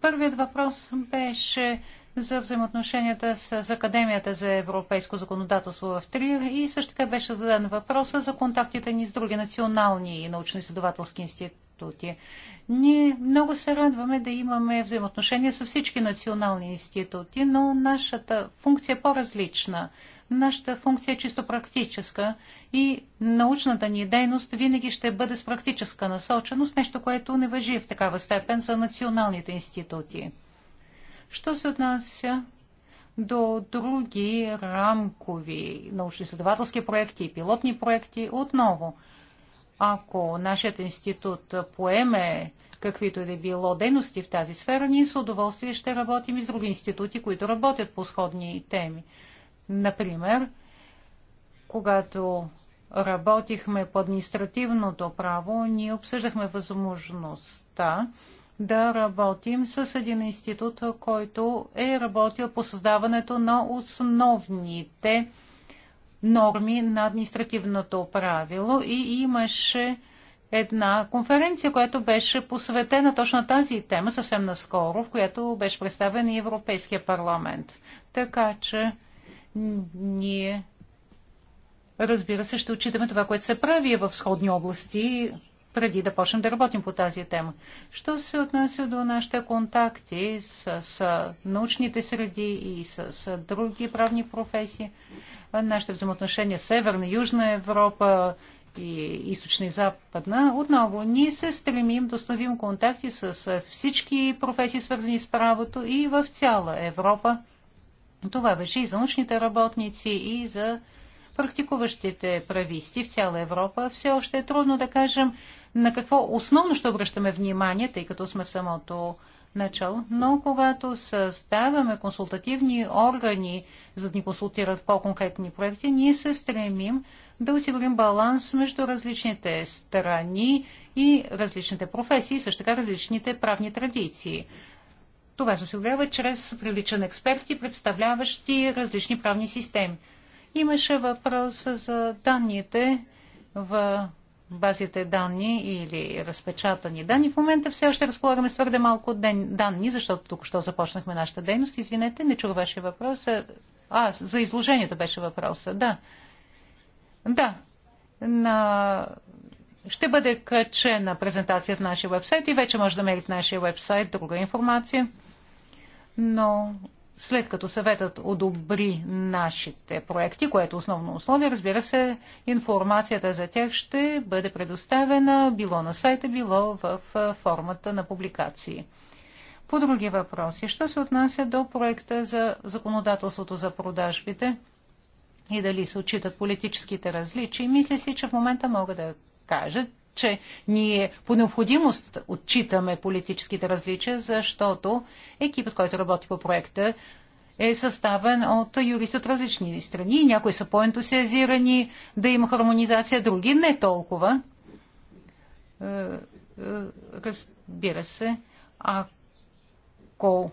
Първият въпрос беше за взаимоотношенията с Академията за европейско законодателство в Трир и също така беше зададен въпроса за контактите ни с други национални и научно-изследователски институти. Ние много се радваме да имаме взаимоотношения с всички национални институти, но нашата функция е по-различна Нашата функция е чисто практическа и научната ни дейност винаги ще бъде с практическа насоченост, нещо, което не въжи в такава степен за националните институти. Що се отнася до други рамкови научно-изследователски проекти и пилотни проекти, отново, ако нашият институт поеме каквито и да било дейности в тази сфера, ние с удоволствие ще работим и с други институти, които работят по сходни теми. Например, когато работихме по административното право, ние обсъждахме възможността да работим с един институт, който е работил по създаването на основните норми на административното правило и имаше една конференция, която беше посветена точно тази тема съвсем наскоро, в която беше представен и Европейския парламент. Така че ние, разбира се, ще отчитаме това, което се прави в сходни области, преди да почнем да работим по тази тема. Що се отнася до нашите контакти с, с научните среди и с, с други правни професии, нашите взаимоотношения с Северна, Южна Европа и Източна и Западна, отново ние се стремим да установим контакти с всички професии, свързани с правото и в цяла Европа. Това беше и за научните работници, и за практикуващите прависти в цяла Европа. Все още е трудно да кажем на какво основно ще обръщаме внимание, тъй като сме в самото начало. Но когато създаваме консултативни органи, за да ни консултират по-конкретни проекти, ние се стремим да осигурим баланс между различните страни и различните професии, също така различните правни традиции. Това се осигурява чрез привличане експерти, представляващи различни правни системи. Имаше въпрос за данните в базите данни или разпечатани данни. В момента все още разполагаме с твърде малко ден, данни, защото току-що започнахме нашата дейност. Извинете, не чух вашия въпрос. А, за изложението беше въпроса. Да. Да. На... Ще бъде качена презентацията на нашия вебсайт и вече може да мерите нашия вебсайт друга информация но след като съветът одобри нашите проекти, което е основно условие, разбира се, информацията за тях ще бъде предоставена било на сайта, било в формата на публикации. По други въпроси, що се отнася до проекта за законодателството за продажбите и дали се отчитат политическите различия, мисля си, че в момента мога да кажа, че ние по необходимост отчитаме политическите различия, защото екипът, който работи по проекта, е съставен от юристи от различни страни. Някои са по-ентусиазирани да има хармонизация, други не толкова. Е, е, разбира се, ако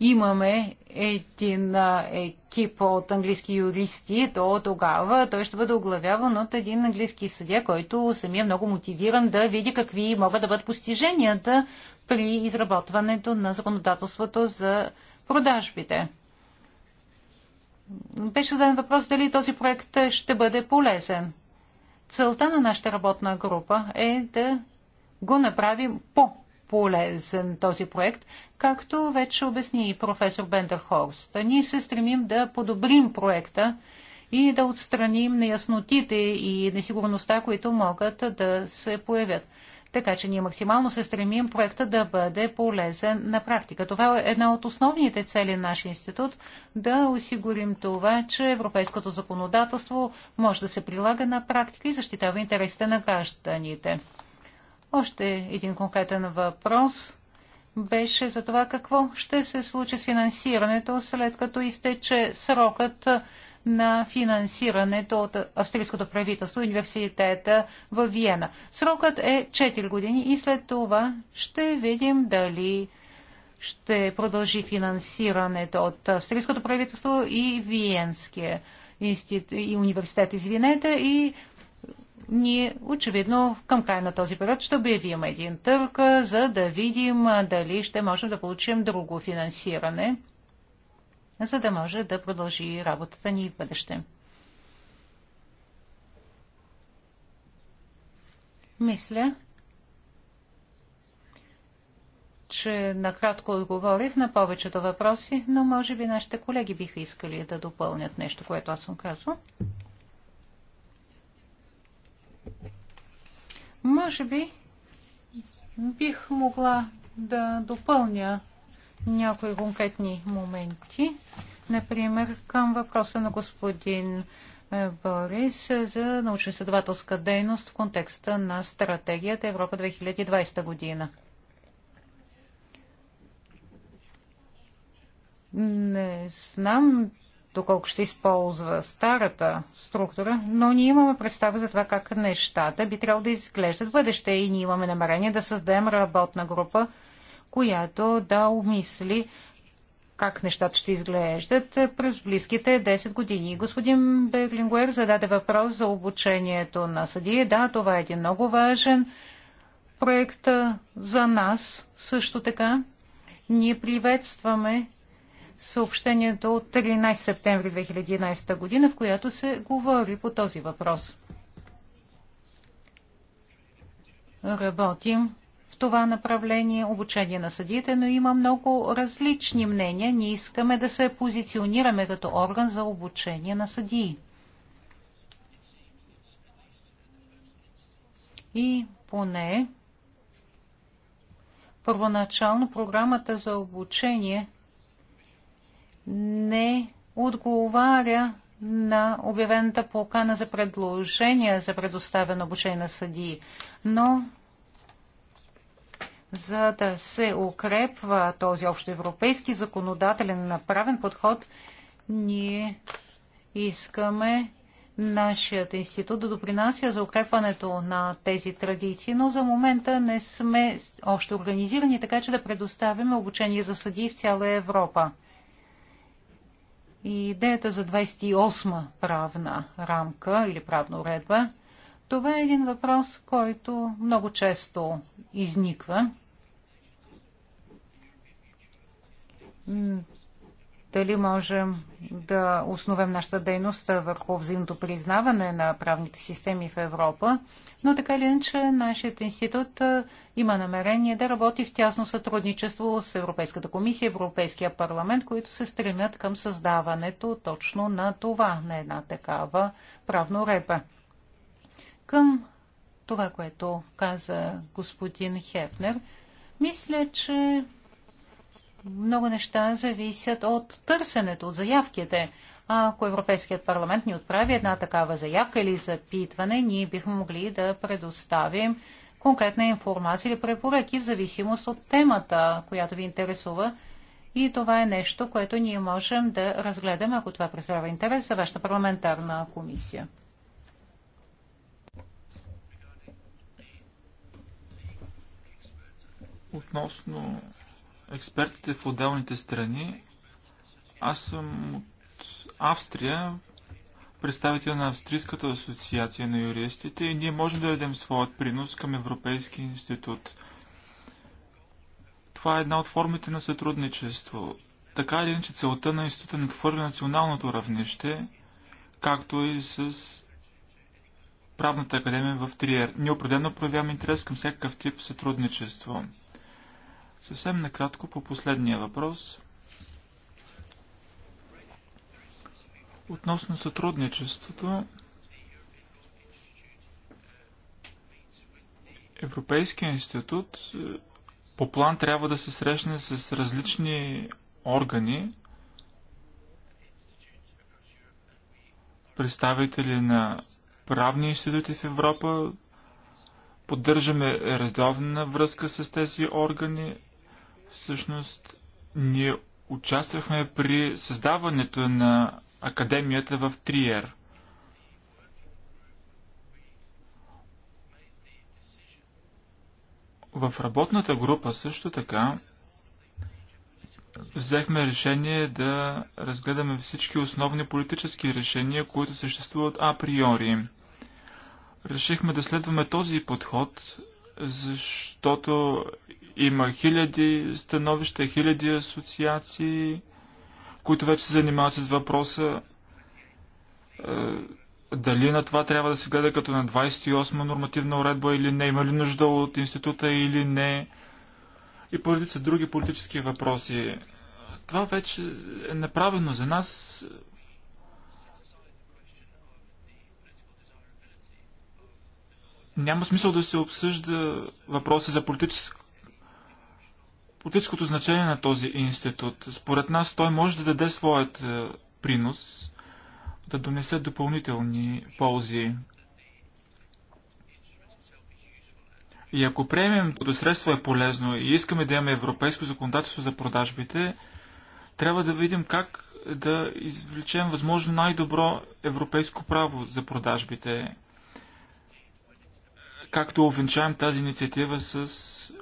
имаме един екип от английски юристи, то тогава той ще бъде оглавяван от един английски съдия, който самия е много мотивиран да види какви могат да бъдат постиженията при изработването на законодателството за продажбите. Беше даден въпрос дали този проект ще бъде полезен. Целта на нашата работна група е да го направим по полезен този проект. Както вече обясни и професор Бендерхорст, ние се стремим да подобрим проекта и да отстраним неяснотите и несигурността, които могат да се появят. Така че ние максимално се стремим проекта да бъде полезен на практика. Това е една от основните цели на нашия институт да осигурим това, че европейското законодателство може да се прилага на практика и защитава интересите на гражданите. Още един конкретен въпрос беше за това какво ще се случи с финансирането след като изтече срокът на финансирането от австрийското правителство университета в Виена. Срокът е 4 години и след това ще видим дали ще продължи финансирането от австрийското правителство и Виенския институт и университет, извинете, и ние очевидно към края на този период ще обявим един търг, за да видим дали ще можем да получим друго финансиране, за да може да продължи работата ни в бъдеще. Мисля, че накратко отговорих на повечето въпроси, но може би нашите колеги биха искали да допълнят нещо, което аз съм казал. Може би бих могла да допълня някои конкретни моменти. Например, към въпроса на господин е, Борис за научно-изследователска дейност в контекста на стратегията Европа 2020 година. Не знам доколко ще използва старата структура, но ние имаме представа за това как нещата би трябвало да изглеждат в бъдеще и ние имаме намерение да създадем работна група, която да умисли как нещата ще изглеждат през близките 10 години. Господин Берлингуер зададе въпрос за обучението на съдии. Да, това е един много важен проект за нас също така. Ние приветстваме съобщението от 13 септември 2011 година, в която се говори по този въпрос. Работим в това направление обучение на съдиите, но има много различни мнения. Ние искаме да се позиционираме като орган за обучение на съдии. И поне първоначално програмата за обучение – не отговаря на обявената покана за предложение за предоставено обучение на съдии. Но за да се укрепва този общоевропейски законодателен направен подход, ние искаме нашият институт да допринася за укрепването на тези традиции, но за момента не сме още организирани, така че да предоставяме обучение за съдии в цяла Европа. И идеята за 28 ма правна рамка или правна уредба, това е един въпрос, който много често изниква дали можем да основем нашата дейност върху взаимното признаване на правните системи в Европа, но така или иначе нашият институт има намерение да работи в тясно сътрудничество с Европейската комисия, Европейския парламент, които се стремят към създаването точно на това, на една такава правна уредба. Към това, което каза господин Хефнер, мисля, че много неща зависят от търсенето, от заявките. Ако Европейският парламент ни отправи една такава заявка или запитване, ние бихме могли да предоставим конкретна информация или препоръки в зависимост от темата, която ви интересува. И това е нещо, което ние можем да разгледаме, ако това представлява интерес за вашата парламентарна комисия. Относно експертите в отделните страни. Аз съм от Австрия, представител на Австрийската асоциация на юристите и ние можем да дадем своят принос към Европейски институт. Това е една от формите на сътрудничество. Така е един, че целта на института е надхвърля националното равнище, както и с правната академия в Триер. Ние определено проявяваме интерес към всякакъв тип сътрудничество. Съвсем накратко по последния въпрос. Относно сътрудничеството, Европейския институт е, по план трябва да се срещне с различни органи, представители на правни институти в Европа. Поддържаме редовна връзка с тези органи. Всъщност, ние участвахме при създаването на академията в Триер. В работната група също така взехме решение да разгледаме всички основни политически решения, които съществуват априори. Решихме да следваме този подход, защото има хиляди становища, хиляди асоциации, които вече се занимават с въпроса е, дали на това трябва да се гледа като на 28-ма нормативна уредба или не, има ли нужда от института или не и поради са други политически въпроси. Това вече е направено за нас. Няма смисъл да се обсъжда въпроси за политическа политическото значение на този институт. Според нас той може да даде своят е, принос, да донесе допълнителни ползи. И ако приемем, като средство е полезно и искаме да имаме европейско законодателство за продажбите, трябва да видим как да извлечем възможно най-добро европейско право за продажбите. Както увенчаем тази инициатива с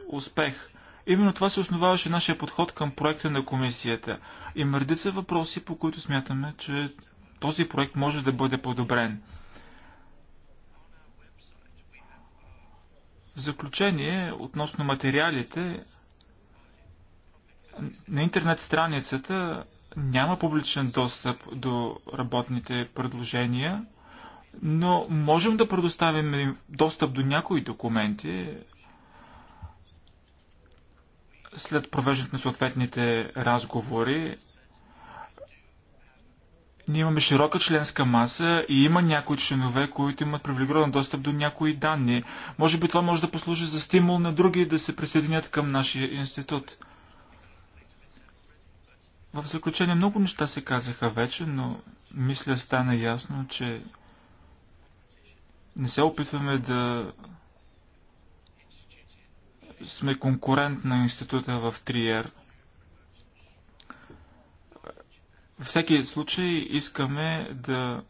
успех. Именно това се основаваше нашия подход към проекта на комисията. И мърдица въпроси, по които смятаме, че този проект може да бъде подобрен. В заключение, относно материалите, на интернет страницата няма публичен достъп до работните предложения, но можем да предоставим достъп до някои документи, след провеждането на съответните разговори, ние имаме широка членска маса и има някои членове, които имат привилегирован достъп до някои данни. Може би това може да послужи за стимул на други да се присъединят към нашия институт. В заключение много неща се казаха вече, но мисля стана ясно, че не се опитваме да сме конкурент на института в Триер. Във всеки случай искаме да,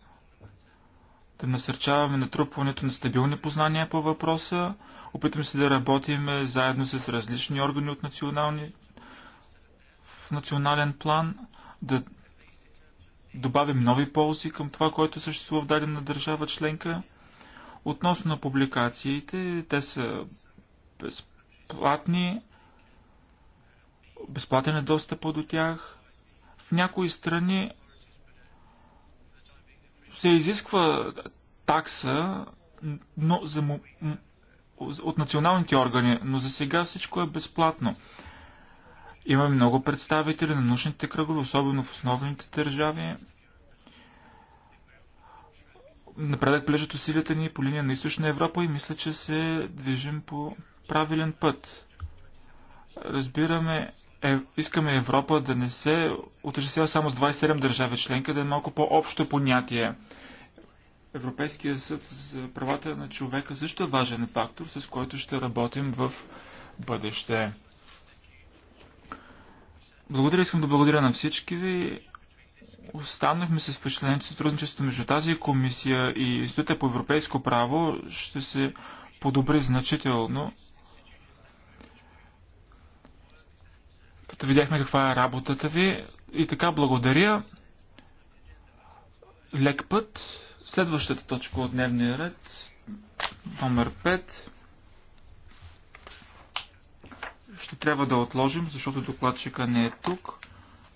да насърчаваме натрупването на стабилни познания по въпроса. Опитваме се да работим заедно с различни органи от национални, в национален план, да добавим нови ползи към това, което съществува в дадена държава членка. Относно на публикациите, те са без платни, безплатен е достъпа до тях. В някои страни се изисква такса но за, от националните органи, но за сега всичко е безплатно. Имаме много представители на научните кръгове, особено в основните държави. Напредък плежат усилията ни по линия на източна Европа и мисля, че се движим по правилен път. Разбираме, е, искаме Европа да не се отъждествява само с 27 държави членка, да е малко по-общо понятие. Европейския съд за правата на човека също е важен фактор, с който ще работим в бъдеще. Благодаря, искам да благодаря на всички ви. Останахме с впечатлението, че сътрудничеството между тази комисия и Института по европейско право ще се подобри значително. като видяхме каква е работата ви. И така, благодаря. Лек път. Следващата точка от дневния ред, номер 5, ще трябва да отложим, защото докладчика не е тук.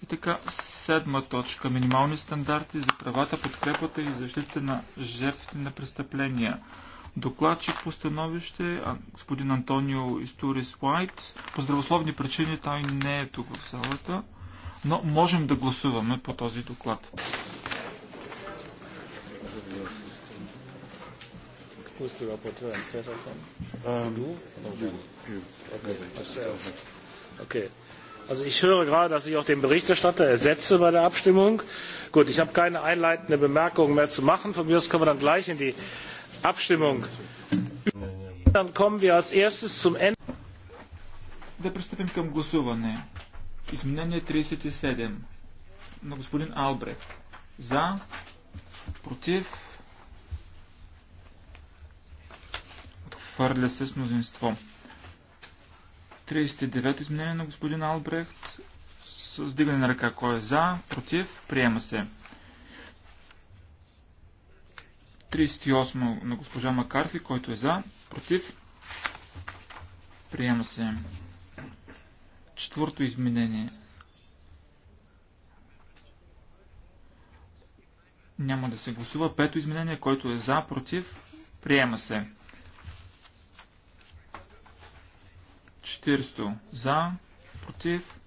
И така, седма точка. Минимални стандарти за правата, подкрепата и защита на жертвите на престъпления. Докладчик по становище, господин Антонио Историс Уайт. По здравословни причини той не е тук в залата, но можем да гласуваме по този доклад. Also ich höre gerade, dass ich auch den Berichterstatter ersetze bei der Abstimmung. Gut, ich habe keine einleitende Bemerkung mehr zu machen. Von mir aus können wir dann gleich in die Abstimmung. Dann kommen wir als erstes zum Ende. Да пристъпим към гласуване. Изменение 37 на господин Албрехт. За, против, отхвърля се с мнозинство. 39 изменение на господин Албрехт с на ръка. Кой е за, против, приема се. 38 на госпожа Макарфи, който е за, против, приема се. Четвърто изменение. Няма да се гласува. Пето изменение, който е за, против, приема се. 400 за, против,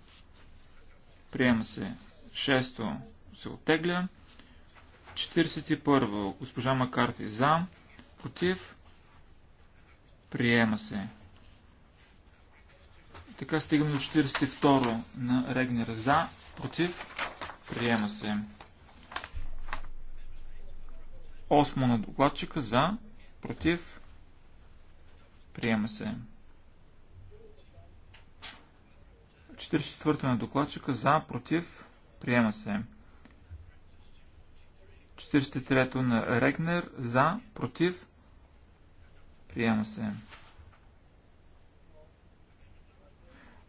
приема се. Шесто се оттегля. 41. Госпожа Макарти за. Против. Приема се. Така стигаме до 42 на Регнер за. Против. Приема се. 8 на докладчика за. Против. Приема се. 44 на докладчика за. Против. Приема се. 43-то на Регнер. За. Против. Приема се.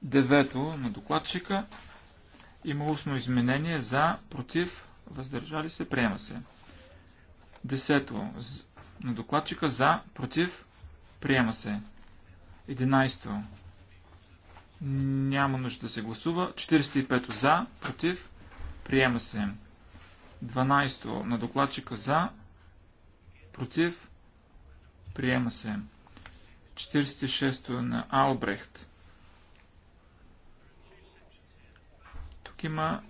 Девето на докладчика. Има устно изменение за, против, въздържали се, приема се. Десето на докладчика за, против, приема се. Единайсто. Няма нужда да се гласува. 45 за, против, приема се. 12 на докладчика за, против, приема се. 46 на Албрехт. Тук има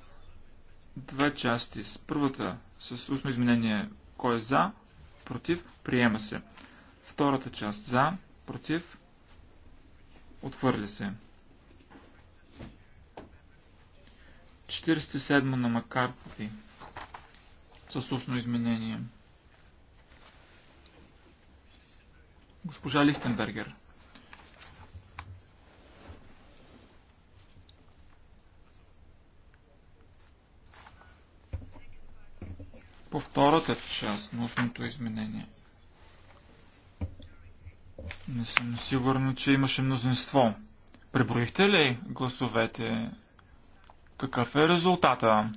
две части. С първата с устно изменение кой е за, против, приема се. Втората част за, против, отвърля се. 47 на Макарти с устно изменение. Госпожа Лихтенбергер. По втората част на устното изменение. Не съм сигурна, че имаше мнозинство. Преброихте ли гласовете? Какъв е резултата?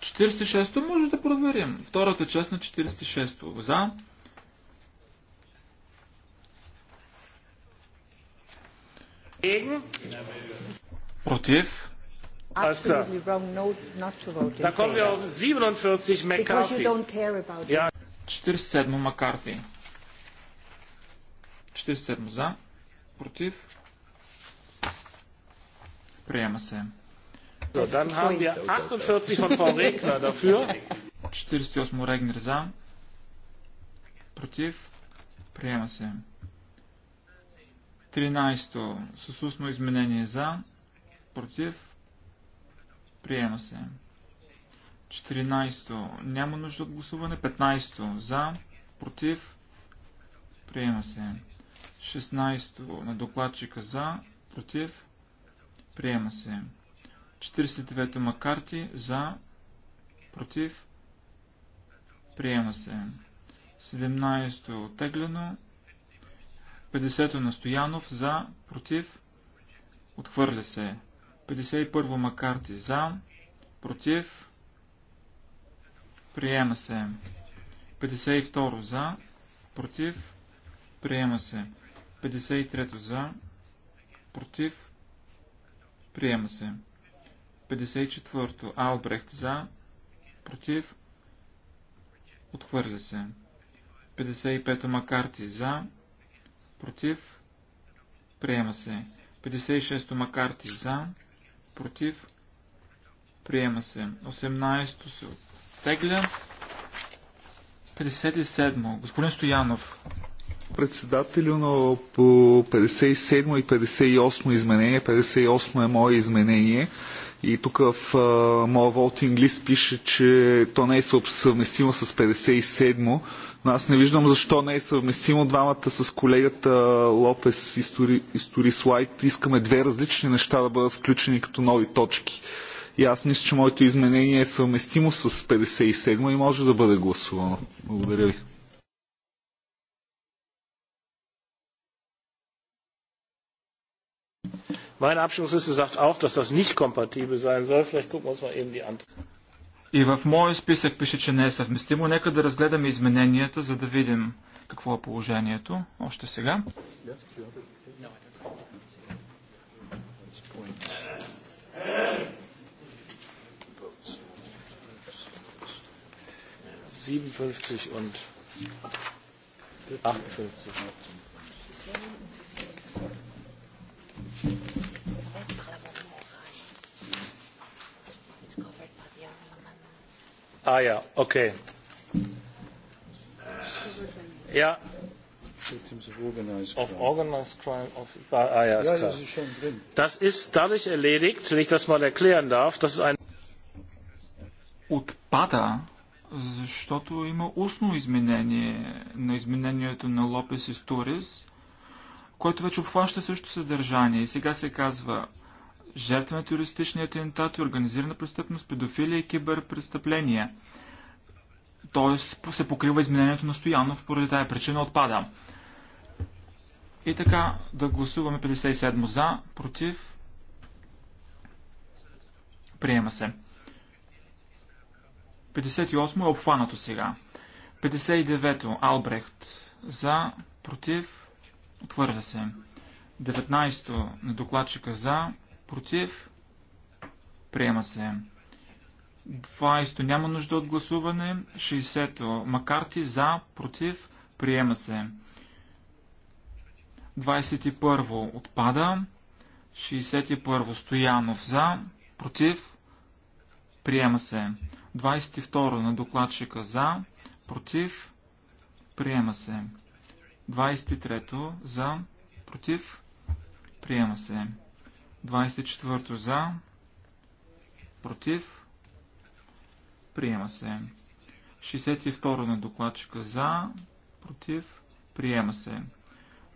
46-то може да проверим. Втората част на 46-то. За. Против. Absolutely 47 Макарти. 47 за. Против. Приема се. So, dann haben wir 48 von Frau Regner dafür. 48 Регнер за. Против. Приема се. 13 с устно изменение за. Против. Приема се. 14 няма нужда от гласуване. 15 за. Против. Приема се. 16 на докладчика за. Против. Приема се. 49 Макарти за, против, приема се. 17 теглено, 50 на Стоянов за, против, отхвърля се. 51 Макарти за, против, приема се. 52 за, против, приема се. 53 за, против, приема се. 54-то. Албрехт за. Против. Отхвърля се. 55-то Макарти за. Против. Приема се. 56-то Макарти за. Против. Приема се. 18-то се оттегля. 57-то. Господин Стоянов председателю, но по 57 и 58 изменение, 58 е мое изменение, и тук в моя волтинг лист пише, че то не е съвместимо с 57-мо, но аз не виждам защо не е съвместимо. Двамата с колегата Лопес и Стори, Слайд искаме две различни неща да бъдат включени като нови точки. И аз мисля, че моето изменение е съвместимо с 57 и може да бъде гласувано. Благодаря ви. Meine Abschlussliste sagt auch, dass das nicht kompatibel sein soll. Vielleicht gucken wir uns mal eben die Anträge. И в моят списък пише, че не е съвместимо. Нека да разгледаме измененията, за да видим какво е положението. Още сега. und 58. Ah ja, okay. Ja. Victims of organized crime. Of organized crime of, ah, ja, ist klar. Das ist dadurch erledigt, wenn ich das mal erklären darf, dass es ein Отпада, защото има устно изменение на изменението на Лопес и Сторис, което вече обхваща също съдържание. И сега се казва жертва на терористични атентати, организирана престъпност, педофилия и киберпрестъпления. Тоест се покрива изменението на Стоянов, поради тая причина отпада. И така, да гласуваме 57 за, против, приема се. 58 е обхванато сега. 59 то Албрехт за, против, отвърля се. 19 на докладчика за, Против. Приема се. 20 няма нужда от гласуване. 60 Макарти за, против, приема се. 21 отпада. 61 Стоянов за, против, приема се. 22 на докладчика за, против, приема се. 23 за, против, приема се. 24 за, против, приема се. 62 на докладчика за, против, приема се.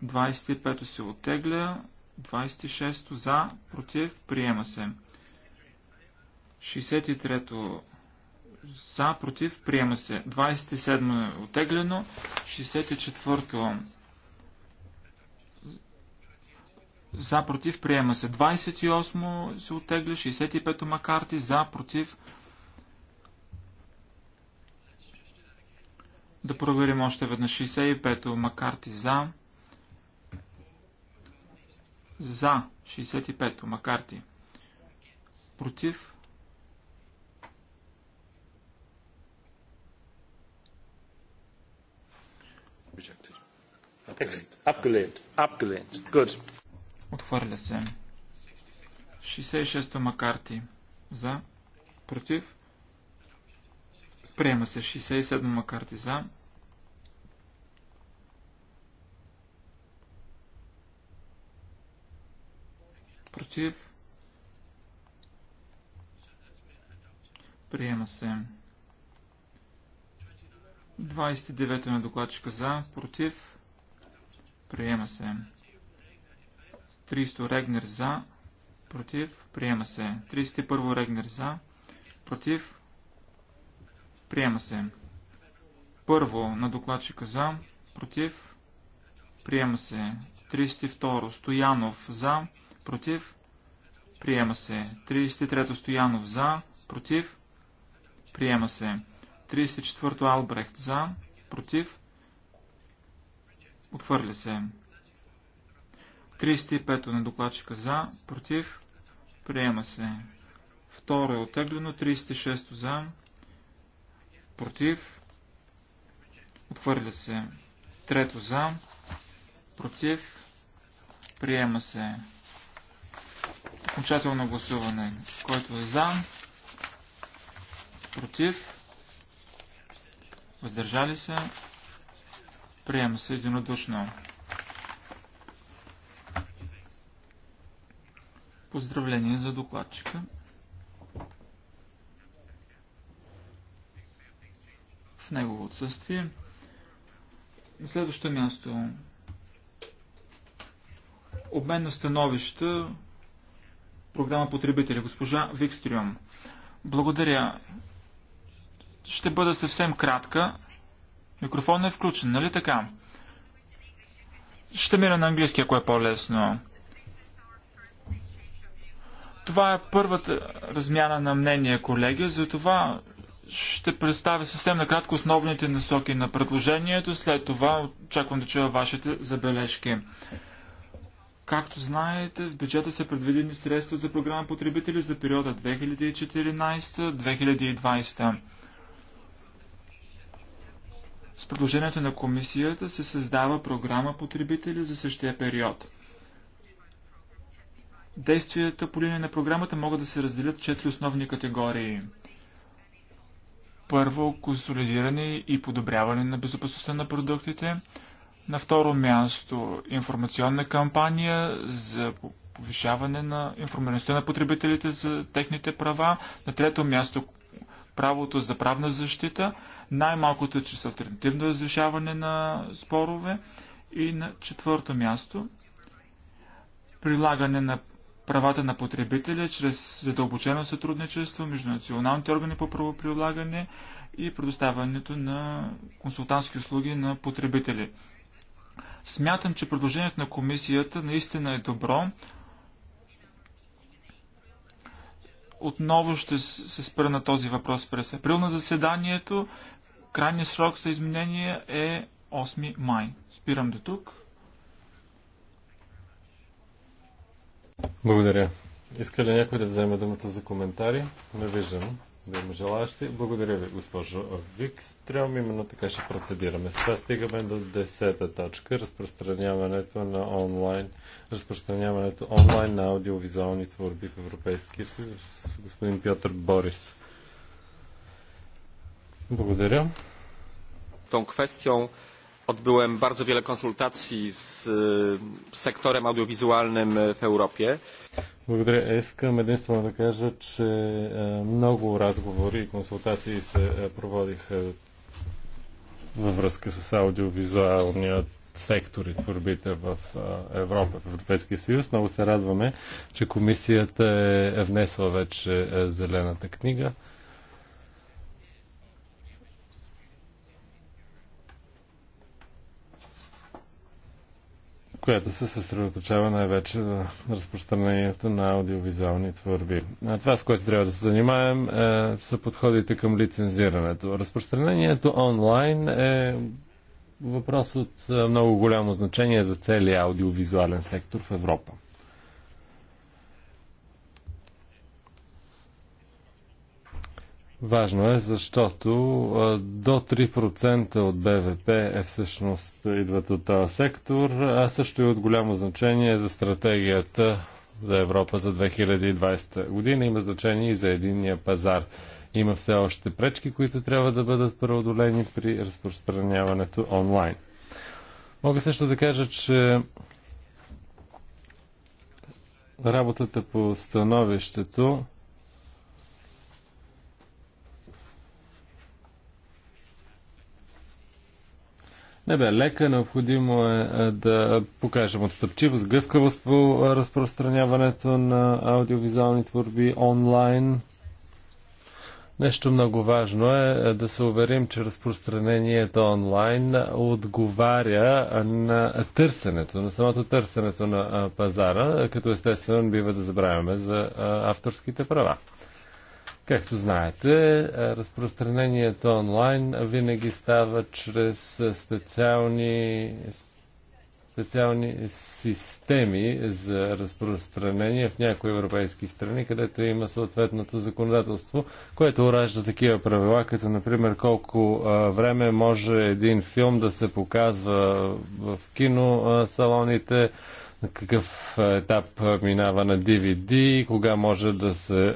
25 се оттегля, 26 за, против, приема се. 63 за, против, приема се. 27 е оттеглено. 64 за, против, приема се. 28 се оттегля, 65-то Макарти, за, против. Да проверим още веднъж. 65-то Макарти, за. За, 65-то Макарти. Против. Abgelehnt. Abgelehnt. Good. Отхвърля се. 66-то Макарти. За. Против. Приема се. 67 Макарти. За. Против. Приема се. 29 на докладчика за, против, приема се. 30 Регнер за, против, приема се. 31 Регнер за, против, приема се. Първо на докладчика за, против, приема се. 32 Стоянов за, против, приема се. 33 Стоянов за, против, приема се. 34 Албрехт за, против, отвърля се. 35 на докладчика за, против, приема се. Второ е оттеглено, 36 за, против, отхвърля се. Трето за, против, приема се. Окончателно гласуване, който е за, против, въздържали се, приема се единодушно. Поздравление за докладчика. В негово отсъствие. На следващо място. Обмен на становища. Програма потребители. Госпожа Викстриум. Благодаря. Ще бъда съвсем кратка. Микрофонът е включен, нали така? Ще мира на английски, ако е по-лесно. Това е първата размяна на мнение, колеги. За това ще представя съвсем накратко основните насоки на предложението. След това очаквам да чуя вашите забележки. Както знаете, в бюджета са предвидени средства за програма потребители за периода 2014-2020. С предложението на комисията се създава програма потребители за същия период – Действията по линия на програмата могат да се разделят в четири основни категории. Първо, консолидиране и подобряване на безопасността на продуктите. На второ място, информационна кампания за повишаване на информираността на потребителите за техните права. На трето място, правото за правна защита, най-малкото чрез альтернативно разрешаване на спорове. И на четвърто място, прилагане на правата на потребителя чрез задълбочено сътрудничество между националните органи по правоприлагане и предоставянето на консултантски услуги на потребители. Смятам, че предложението на комисията наистина е добро. Отново ще се спра на този въпрос през април на заседанието. Крайният срок за изменение е 8 май. Спирам до тук. Благодаря. Иска ли някой да вземе думата за коментари? Не виждам да има желаящи. Благодаря ви, госпожо Викстрем. Именно така ще процедираме. Сега стигаме до 10-та точка. Разпространяването на онлайн, разпространяването онлайн на аудиовизуални творби в Европейския съюз. Господин Пьотър Борис. Благодаря. Tą kwestią odbyłem bardzo wiele konsultacji z e, sektorem аудиовизуалним w Europie. Благодаря. Искам единствено да кажа, че е, много разговори и консултации се е, проводиха е, във връзка с аудиовизуалният сектор и творбите в Европа, в Европейския съюз. Много се радваме, че комисията е внесла вече зелената книга. която се съсредоточава най-вече на разпространението на аудиовизуални творби. А това, с което трябва да се занимаем, е, са подходите към лицензирането. Разпространението онлайн е въпрос от е, много голямо значение за целия аудиовизуален сектор в Европа. Важно е, защото до 3% от БВП е всъщност идват от този сектор, а също и от голямо значение е за стратегията за Европа за 2020 година. Има значение и за единния пазар. Има все още пречки, които трябва да бъдат преодолени при разпространяването онлайн. Мога също да кажа, че работата по становището не бе лека, необходимо е, е да покажем отстъпчивост, гъвкавост по разпространяването на аудиовизуални творби онлайн. Нещо много важно е, е да се уверим, че разпространението онлайн отговаря на търсенето, на самото търсенето на пазара, като естествено бива да забравяме за авторските права. Както знаете, разпространението онлайн винаги става чрез специални, специални системи за разпространение в някои европейски страни, където има съответното законодателство, което уражда такива правила, като например колко време може един филм да се показва в киносалоните, на какъв етап минава на DVD, кога може да се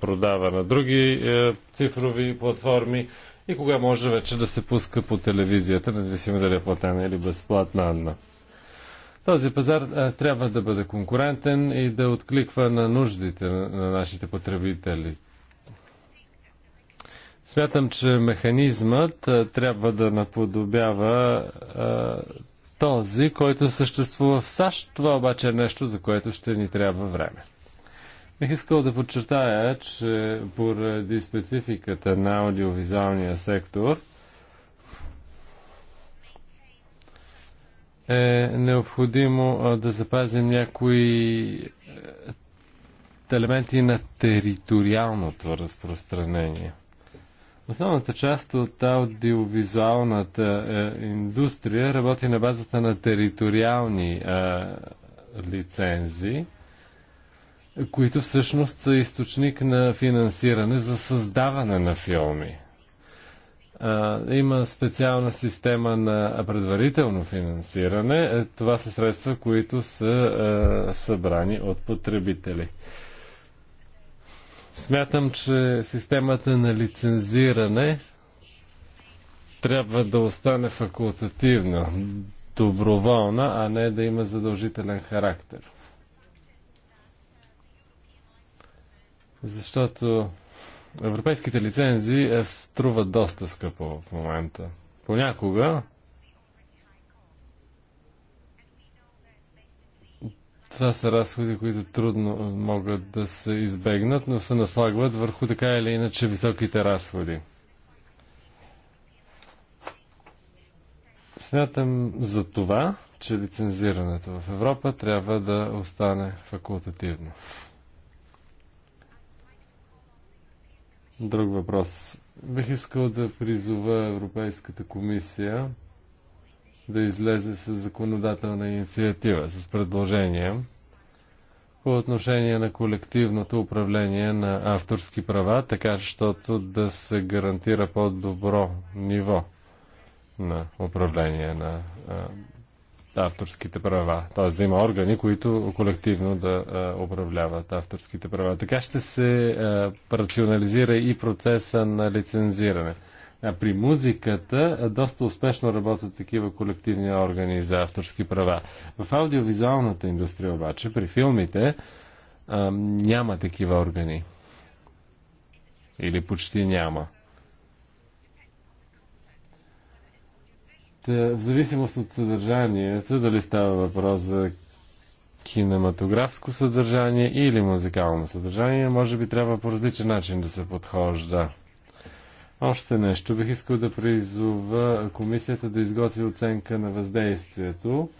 продава на други цифрови платформи и кога може вече да се пуска по телевизията, независимо дали е платена или безплатна Анна. Този пазар трябва да бъде конкурентен и да откликва на нуждите на, нашите потребители. Смятам, че механизмът трябва да наподобява този, който съществува в САЩ. Това обаче е нещо, за което ще ни трябва време. Бих искал да подчертая, че поради спецификата на аудиовизуалния сектор е необходимо да запазим някои е, елементи на териториалното разпространение – Основната част от аудиовизуалната е, индустрия работи на базата на териториални е, лицензи, които всъщност са източник на финансиране за създаване на филми. Е, има специална система на предварително финансиране. Е, това са средства, които са е, събрани от потребители. Смятам, че системата на лицензиране трябва да остане факултативна, доброволна, а не да има задължителен характер. Защото европейските лицензии е, струват доста скъпо в момента. Понякога Това са разходи, които трудно могат да се избегнат, но се наслагват върху така или иначе високите разходи. Смятам за това, че лицензирането в Европа трябва да остане факултативно. Друг въпрос. Бих искал да призова Европейската комисия да излезе с законодателна инициатива, с предложение по отношение на колективното управление на авторски права, така защото да се гарантира по-добро ниво на управление на а, авторските права. Т.е. да има органи, които колективно да а, управляват авторските права. Така ще се а, рационализира и процеса на лицензиране. При музиката доста успешно работят такива колективни органи за авторски права. В аудиовизуалната индустрия обаче, при филмите, няма такива органи. Или почти няма. в зависимост от съдържанието, дали става въпрос за кинематографско съдържание или музикално съдържание, може би трябва по различен начин да се подхожда. Още нещо бих искал да призова комисията да изготви оценка на въздействието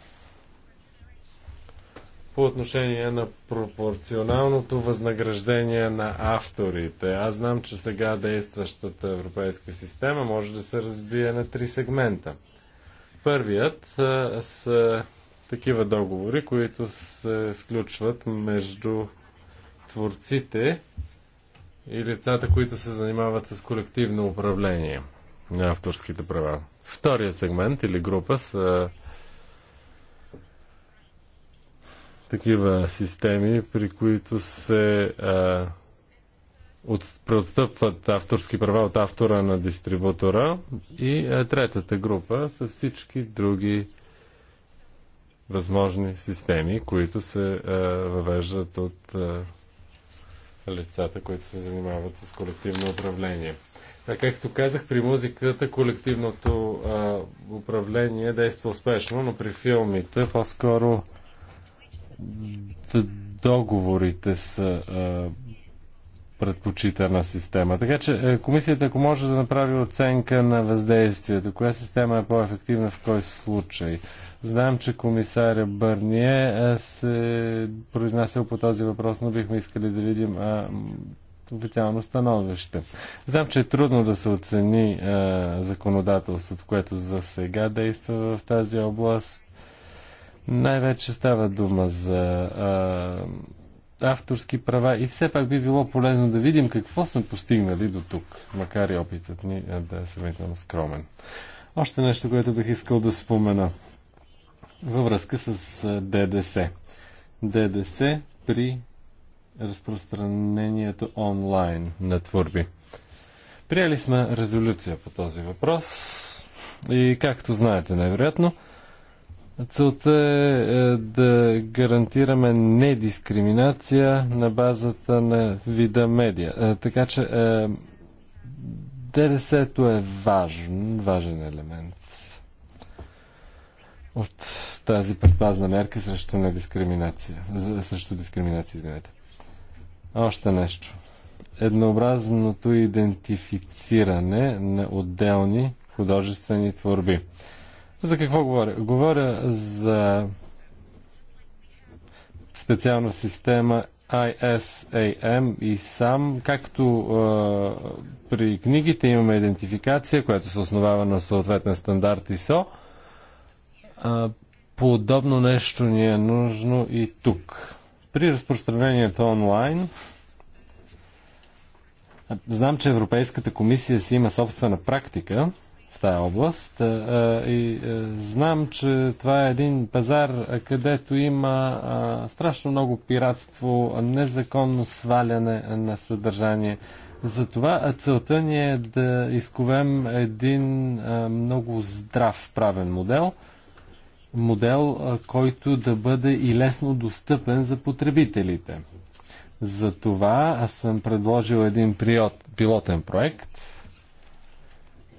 по отношение на пропорционалното възнаграждение на авторите. Аз знам, че сега действащата европейска система може да се разбие на три сегмента. Първият са такива договори, които се сключват между творците и лицата, които се занимават с колективно управление на авторските права. Втория сегмент или група са такива системи, при които се а, от, преотстъпват авторски права от автора на дистрибутора. И а, третата група са всички други възможни системи, които се а, въвеждат от а, лицата, които се занимават с колективно управление. А както казах, при музиката колективното а, управление действа успешно, но при филмите по-скоро договорите са а, предпочитана система. Така че е, комисията, ако може да направи оценка на въздействието, коя система е по-ефективна в кой случай? Знам, че комисаря Бърние е, се произнасял по този въпрос, но бихме искали да видим официално становище. Знам, че е трудно да се оцени а, е, законодателството, което за сега действа в тази област. Най-вече става дума за а, авторски права и все пак би било полезно да видим какво сме постигнали до тук, макар и опитът ни е, да е сравнително скромен. Още нещо, което бих искал да спомена във връзка с ДДС. ДДС при разпространението онлайн на творби. Приели сме резолюция по този въпрос и както знаете най-вероятно, целта е, е да гарантираме недискриминация на базата на вида медия. Е, така че е, ДДС-то е важен, важен елемент от тази предпазна мерка срещу недискриминация. Срещу дискриминация, извинете. Още нещо. Еднообразното идентифициране на отделни художествени творби. За какво говоря? Говоря за специална система ISAM и сам, както е, при книгите имаме идентификация, която се основава на съответен стандарт ISO, а, подобно нещо ни е нужно и тук. При разпространението онлайн, знам, че Европейската комисия си има собствена практика в тая област и знам, че това е един пазар, където има страшно много пиратство, незаконно сваляне на съдържание. Затова целта ни е да изковем един много здрав правен модел – модел, който да бъде и лесно достъпен за потребителите. За това аз съм предложил един пилотен проект –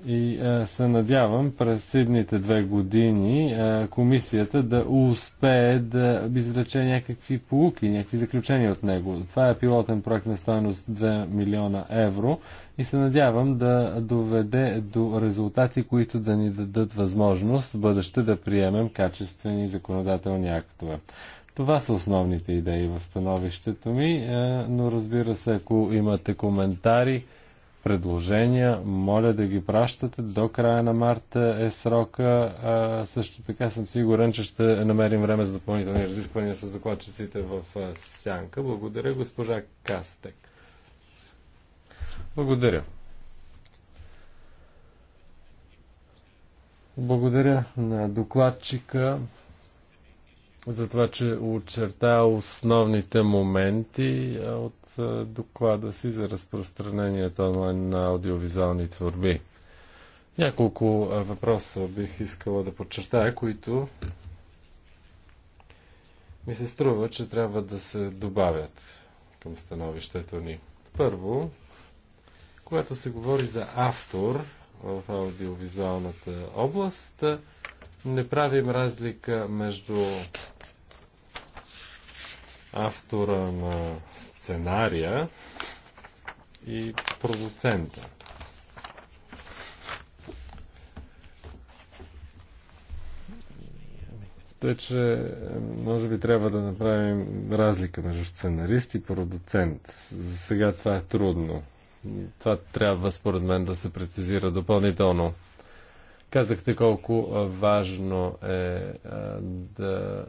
и а, е, се надявам през следните две години а, е, комисията да успее да извлече някакви полуки, някакви заключения от него. Това е пилотен проект на стоеност 2 милиона евро и се надявам да доведе до резултати, които да ни дадат възможност в бъдеще да приемем качествени законодателни актове. Това са основните идеи в становището ми, е, но разбира се, ако имате коментари, предложения, моля да ги пращате. До края на марта е срока. А, също така съм сигурен, че ще намерим време за допълнителни разисквания с докладчиците в сянка. Благодаря, госпожа Кастек. Благодаря. Благодаря на докладчика за това, че очерта основните моменти от доклада си за разпространението онлайн на аудиовизуални творби. Няколко въпроса бих искала да подчертая, които ми се струва, че трябва да се добавят към становището ни. Първо, когато се говори за автор в аудиовизуалната област, не правим разлика между автора на сценария и продуцента. Тъй, че е, може би трябва да направим разлика между сценарист и продуцент. За сега това е трудно. Това трябва, според мен, да се прецизира допълнително. Казахте колко важно е да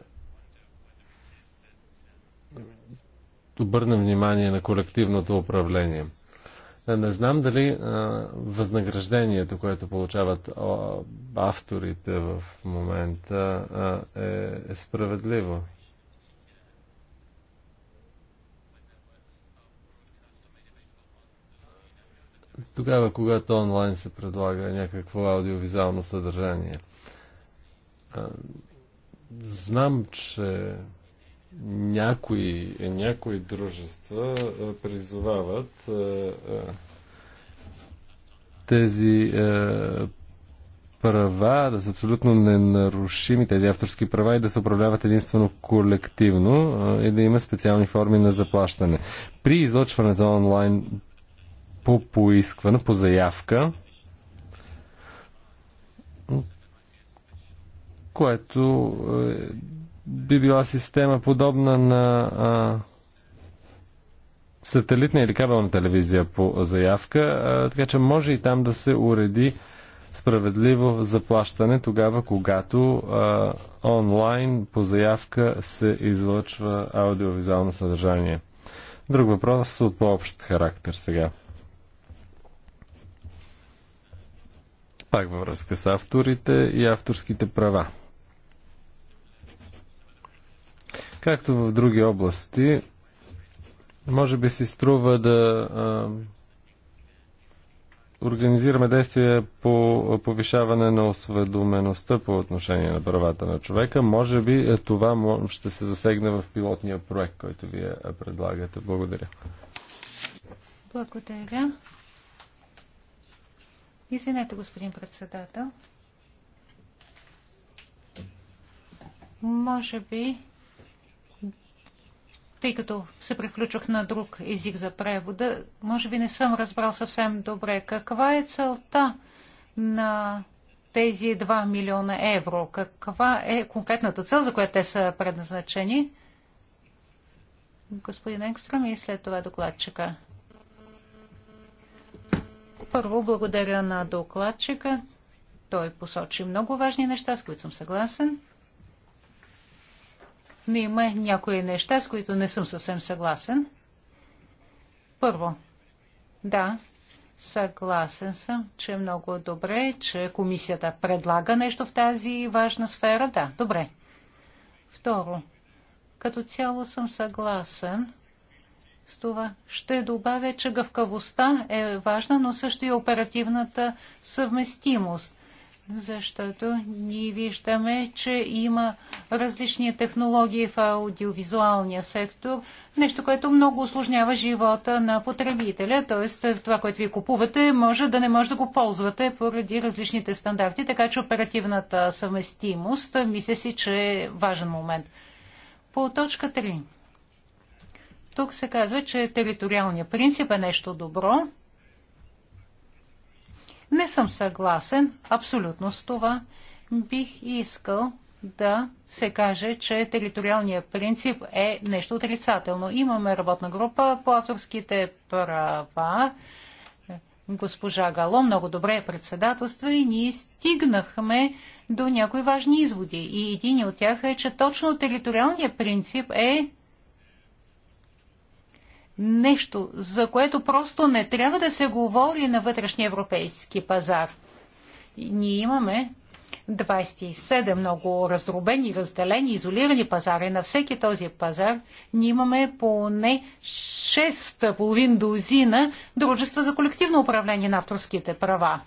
обърнем внимание на колективното управление. Е, не знам дали а, е, възнаграждението, което получават а, авторите в момента, а, е, е справедливо. Тогава, когато онлайн се предлага някакво аудиовизуално съдържание. А, е, знам, че някои, някои дружества е, призовават е, е, тези права да са абсолютно ненарушими, тези авторски права и да се управляват единствено колективно и да има специални форми на заплащане. При излъчването онлайн по поискване, по заявка, което е би била система подобна на а, сателитна или кабелна телевизия по заявка, а, така че може и там да се уреди справедливо заплащане тогава, когато а, онлайн по заявка се излъчва аудиовизуално съдържание. Друг въпрос от по-общ характер сега. Пак във връзка с авторите и авторските права. Както в други области, може би си струва да а, организираме действия по повишаване на осведомеността по отношение на правата на човека. Може би е, това ще се засегне в пилотния проект, който вие предлагате. Благодаря. Благодаря. Извинете, господин председател. Може би тъй като се приключвах на друг език за превода, може би не съм разбрал съвсем добре каква е целта на тези 2 милиона евро. Каква е конкретната цел, за която те са предназначени? Господин Екстрам и след това докладчика. Първо, благодаря на докладчика. Той посочи много важни неща, с които съм съгласен но има някои неща, с които не съм съвсем съгласен. Първо, да, съгласен съм, че е много добре, че комисията предлага нещо в тази важна сфера. Да, добре. Второ, като цяло съм съгласен с това. Ще добавя, че гъвкавостта е важна, но също и оперативната съвместимост защото ние виждаме, че има различни технологии в аудиовизуалния сектор, нещо, което много осложнява живота на потребителя, т.е. това, което ви купувате, може да не може да го ползвате поради различните стандарти, така че оперативната съвместимост, мисля си, че е важен момент. По точка 3. Тук се казва, че териториалният принцип е нещо добро, не съм съгласен абсолютно с това. Бих искал да се каже, че териториалният принцип е нещо отрицателно. Имаме работна група по авторските права. Госпожа Гало много добре е председателства и ние стигнахме до някои важни изводи. И един от тях е, че точно териториалният принцип е нещо, за което просто не трябва да се говори на вътрешния европейски пазар. И ние имаме 27 много раздробени, разделени, изолирани пазари. На всеки този пазар ние имаме поне 6,5 дозина дружества за колективно управление на авторските права.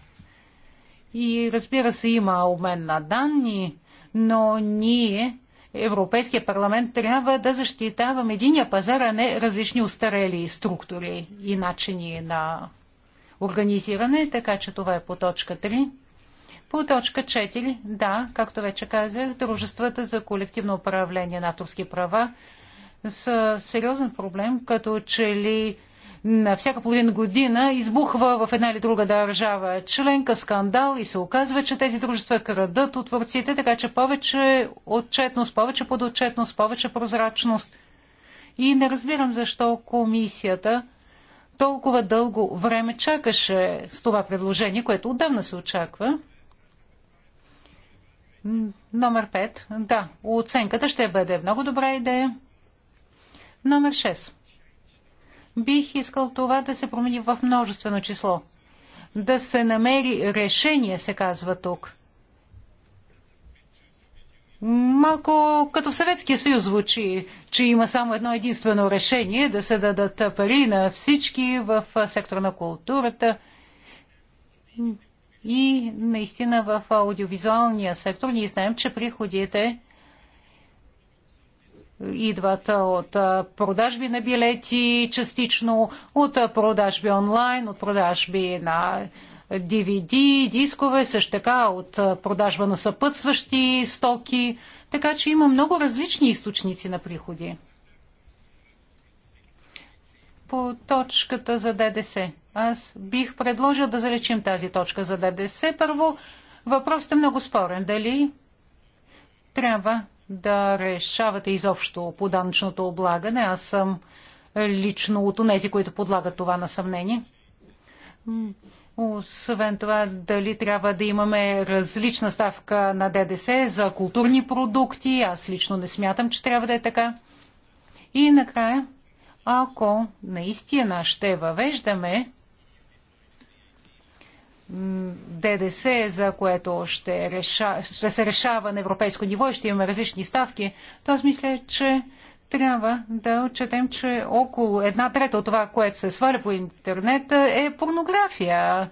И разбира се, има обмен на данни, но ние Европейския парламент трябва да защитавам единия пазар, а не различни устарели структури и начини на организиране, така че това е по точка 3. По точка 4, да, както вече казах, дружествата за колективно управление на авторски права са сериозен проблем, като че ли на всяка половина година избухва в една или друга държава членка скандал и се оказва, че тези дружества крадат от творците, така че повече отчетност, повече подотчетност, повече прозрачност. И не разбирам защо комисията толкова дълго време чакаше с това предложение, което отдавна се очаква. Номер 5. Да, оценката ще бъде много добра идея. Номер 6. Бих искал това да се промени в множествено число. Да се намери решение, се казва тук. Малко като Съветския съюз звучи, че има само едно единствено решение да се дадат пари на всички в сектора на културата. И наистина в аудиовизуалния сектор ние знаем, че приходите идват от продажби на билети, частично от продажби онлайн, от продажби на DVD, дискове, също така от продажба на съпътстващи стоки. Така че има много различни източници на приходи. По точката за ДДС. Аз бих предложил да залечим тази точка за ДДС. Първо, въпросът е много спорен. Дали трябва да решавате изобщо по данъчното облагане. Аз съм лично от тези, които подлагат това на съмнение. Освен това, дали трябва да имаме различна ставка на ДДС за културни продукти, аз лично не смятам, че трябва да е така. И накрая, ако наистина ще въвеждаме ДДС, за което ще, реша, ще се решава на европейско ниво и ще имаме различни ставки, то аз мисля, че трябва да отчетем, че около една трета от това, което се сваля по интернет, е порнография.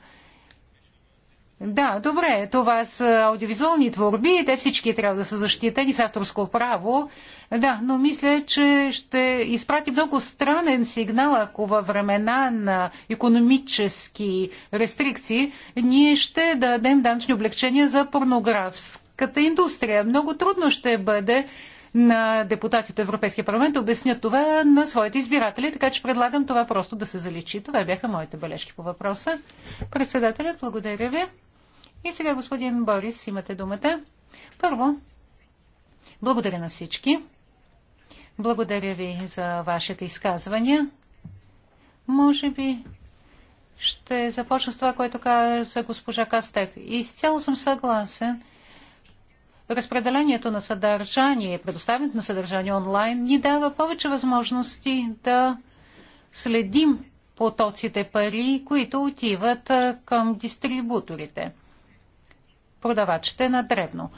Да, добре, това са аудиовизуални творби, те всички трябва да са защитени с авторско право, да, но мисля, че ще изпрати много странен сигнал, ако във времена на економически рестрикции ние ще дадем данъчни облегчения за порнографската индустрия. Много трудно ще бъде на депутатите в Европейския парламент да обяснят това на своите избиратели, така че предлагам това просто да се заличи. Това бяха моите бележки по въпроса. Председателят, благодаря ви. И сега, господин Борис, имате думата. Първо, благодаря на всички. Благодаря ви за вашите изказвания. Може би ще започна с това, което каза госпожа Кастек. Изцяло съм съгласен. Разпределението на съдържание, предоставянето на съдържание онлайн ни дава повече възможности да следим потоците пари, които отиват към дистрибуторите, продавачите на дребно.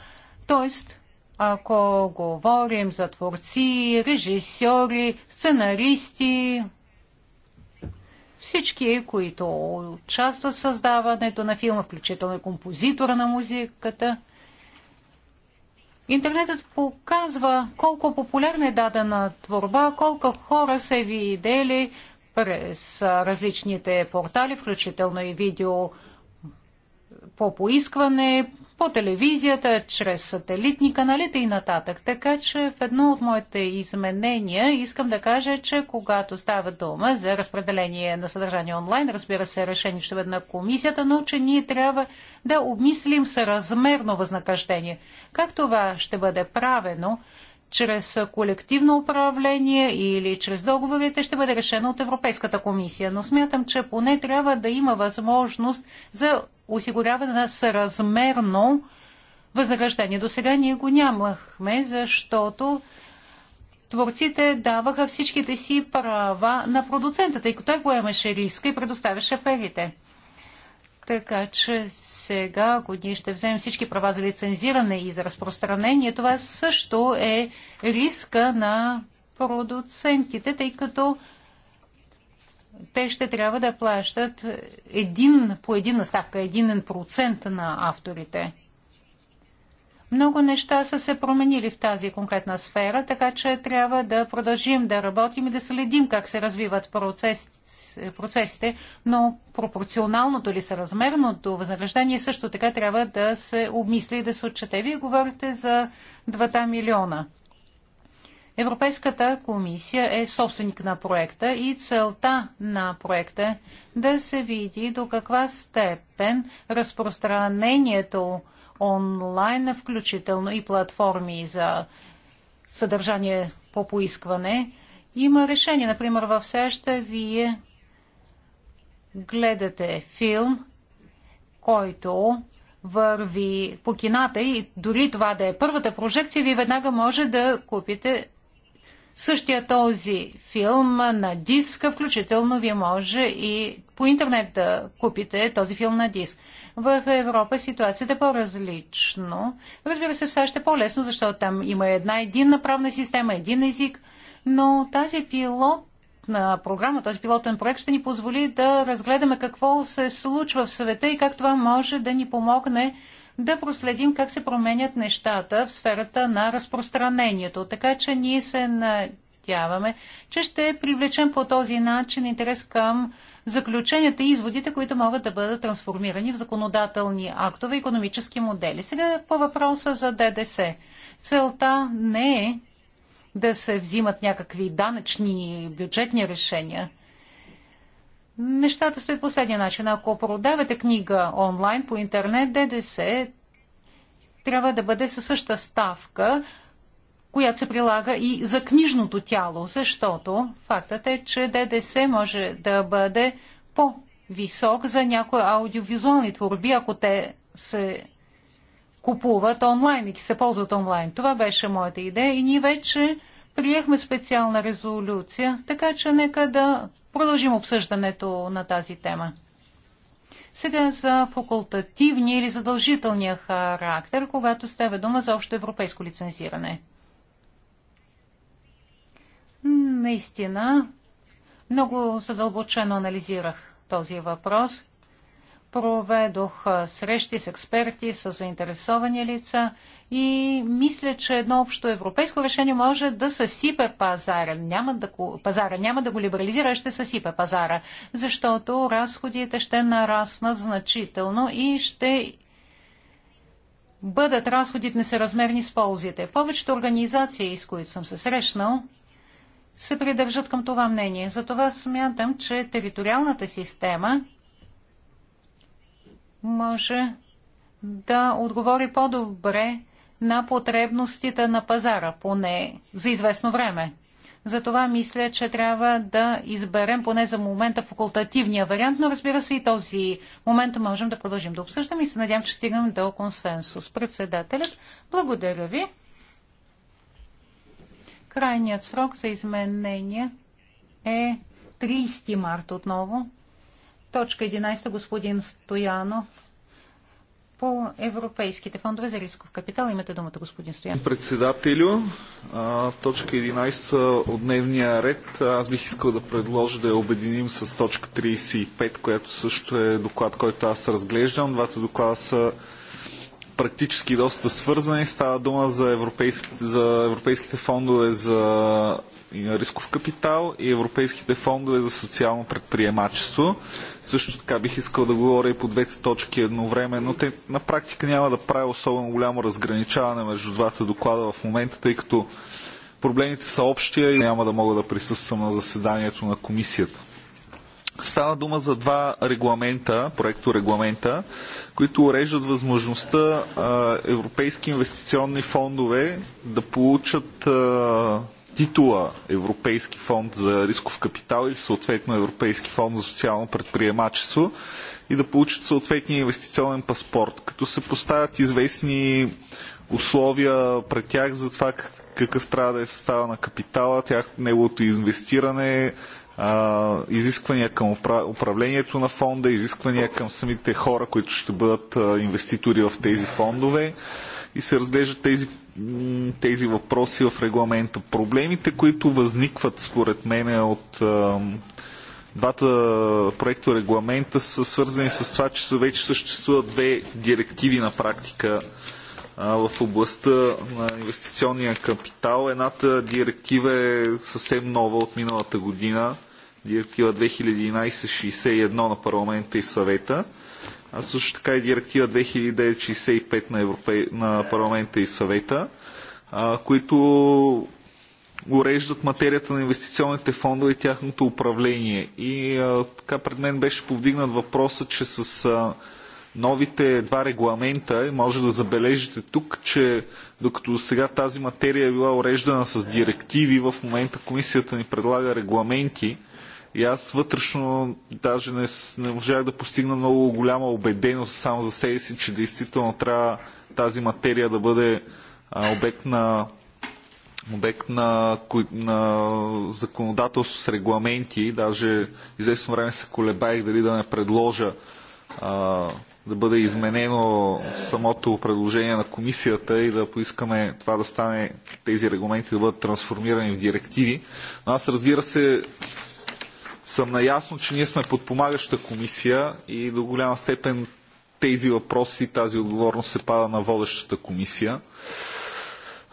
Тоест, ако говорим за творци, режисьори, сценаристи, всички, които участват в създаването на филма, включително и композитора на музиката. Интернетът показва колко популярна е дадена творба, колко хора са видели през различните портали, включително и видео по поискване, по телевизията, чрез сателитни каналите и нататък. Така че в едно от моите изменения искам да кажа, че когато става дума за разпределение на съдържание онлайн, разбира се, решение ще бъде на комисията, но че ние трябва да обмислим съразмерно възнаграждение. Как това ще бъде правено? чрез колективно управление или чрез договорите ще бъде решено от Европейската комисия. Но смятам, че поне трябва да има възможност за осигуряване на съразмерно възнаграждение. До сега ние го нямахме, защото творците даваха всичките си права на продуцента, тъй като той поемаше риска и предоставяше парите. Така че сега, ако ние ще вземем всички права за лицензиране и за разпространение, това също е риска на продуцентите, тъй като те ще трябва да плащат един по един ставка, един процент на авторите. Много неща са се променили в тази конкретна сфера, така че трябва да продължим да работим и да следим как се развиват процес, процесите, но пропорционалното са съразмерното възнаграждение също така трябва да се обмисли и да се отчете. Вие говорите за 2 милиона. Европейската комисия е собственик на проекта и целта на проекта е да се види до каква степен разпространението онлайн, включително и платформи за съдържание по поискване, има решение. Например, в САЩ вие гледате филм, който върви по кината и дори това да е първата прожекция, вие веднага може да купите Същия този филм на диск, включително ви може и по интернет да купите този филм на диск. В Европа ситуацията е по-различно. Разбира се, в САЩ е по-лесно, защото там има една единна правна система, един език, но тази пилот на програма, този пилотен проект ще ни позволи да разгледаме какво се случва в света и как това може да ни помогне да проследим как се променят нещата в сферата на разпространението. Така че ние се надяваме, че ще привлечем по този начин интерес към заключенията и изводите, които могат да бъдат трансформирани в законодателни актове и економически модели. Сега по въпроса за ДДС. Целта не е да се взимат някакви данъчни бюджетни решения – Нещата стоят последния начин. Ако продавате книга онлайн по интернет, ДДС трябва да бъде със същата ставка, която се прилага и за книжното тяло, защото фактът е, че ДДС може да бъде по-висок за някои аудиовизуални творби, ако те се купуват онлайн и се ползват онлайн. Това беше моята идея и ние вече приехме специална резолюция, така че нека да продължим обсъждането на тази тема. Сега за факултативния или задължителния характер, когато става дума за общо европейско лицензиране. Наистина, много задълбочено анализирах този въпрос. Проведох срещи с експерти, с заинтересовани лица – и мисля, че едно общо европейско решение може да съсипе пазара. Няма да, пазара няма да го либерализира, ще съсипе пазара, защото разходите ще нараснат значително и ще бъдат разходите несъразмерни с ползите. Повечето организации, с които съм се срещнал, се придържат към това мнение. Затова смятам, че териториалната система може да отговори по-добре на потребностите на пазара, поне за известно време. Затова мисля, че трябва да изберем поне за момента факултативния вариант, но разбира се и този момент можем да продължим да обсъждаме и се надявам, че стигнем до консенсус. Председателят, благодаря ви. Крайният срок за изменение е 30 март отново. Точка 11. Господин Стоянов по европейските фондове за рисков капитал. Имате думата, господин Стоян. Председателю, точка 11 от дневния ред. Аз бих искал да предложа да я обединим с точка 35, която също е доклад, който аз разглеждам. Двата доклада са практически доста свързани. Става дума за, европейски, за европейските фондове за рисков капитал и европейските фондове за социално предприемачество. Също така бих искал да говоря и по двете точки едновременно. Те на практика няма да правя особено голямо разграничаване между двата доклада в момента, тъй като проблемите са общия и няма да мога да присъствам на заседанието на комисията. Става дума за два регламента, проекто регламента, които уреждат възможността а, европейски инвестиционни фондове да получат а, титула Европейски фонд за рисков капитал или съответно Европейски фонд за социално предприемачество и да получат съответния инвестиционен паспорт, като се поставят известни условия пред тях за това какъв трябва да е състава на капитала, тях, неговото инвестиране, изисквания към управлението на фонда, изисквания към самите хора, които ще бъдат инвеститори в тези фондове и се разглеждат тези, тези въпроси в регламента. Проблемите, които възникват според мен от двата проекта регламента са свързани с това, че вече съществуват две директиви на практика в областта на инвестиционния капитал. Едната директива е съвсем нова от миналата година директива 2011-61 на парламента и съвета, а също така и директива 2009-65 на, Европе... на парламента и съвета, а, които уреждат материята на инвестиционните фондове и тяхното управление. И а, така пред мен беше повдигнат въпроса, че с а, новите два регламента, може да забележите тук, че докато сега тази материя е била уреждана с директиви, в момента комисията ни предлага регламенти – и аз вътрешно даже не, не можах да постигна много голяма убеденост само за себе си, че действително трябва тази материя да бъде а, обект на обект на, на законодателство с регламенти. Даже известно време се колебаех дали да не предложа а, да бъде изменено самото предложение на комисията и да поискаме това да стане, тези регламенти да бъдат трансформирани в директиви. Но аз разбира се съм наясно, че ние сме подпомагаща комисия и до голяма степен тези въпроси, тази отговорност се пада на водещата комисия.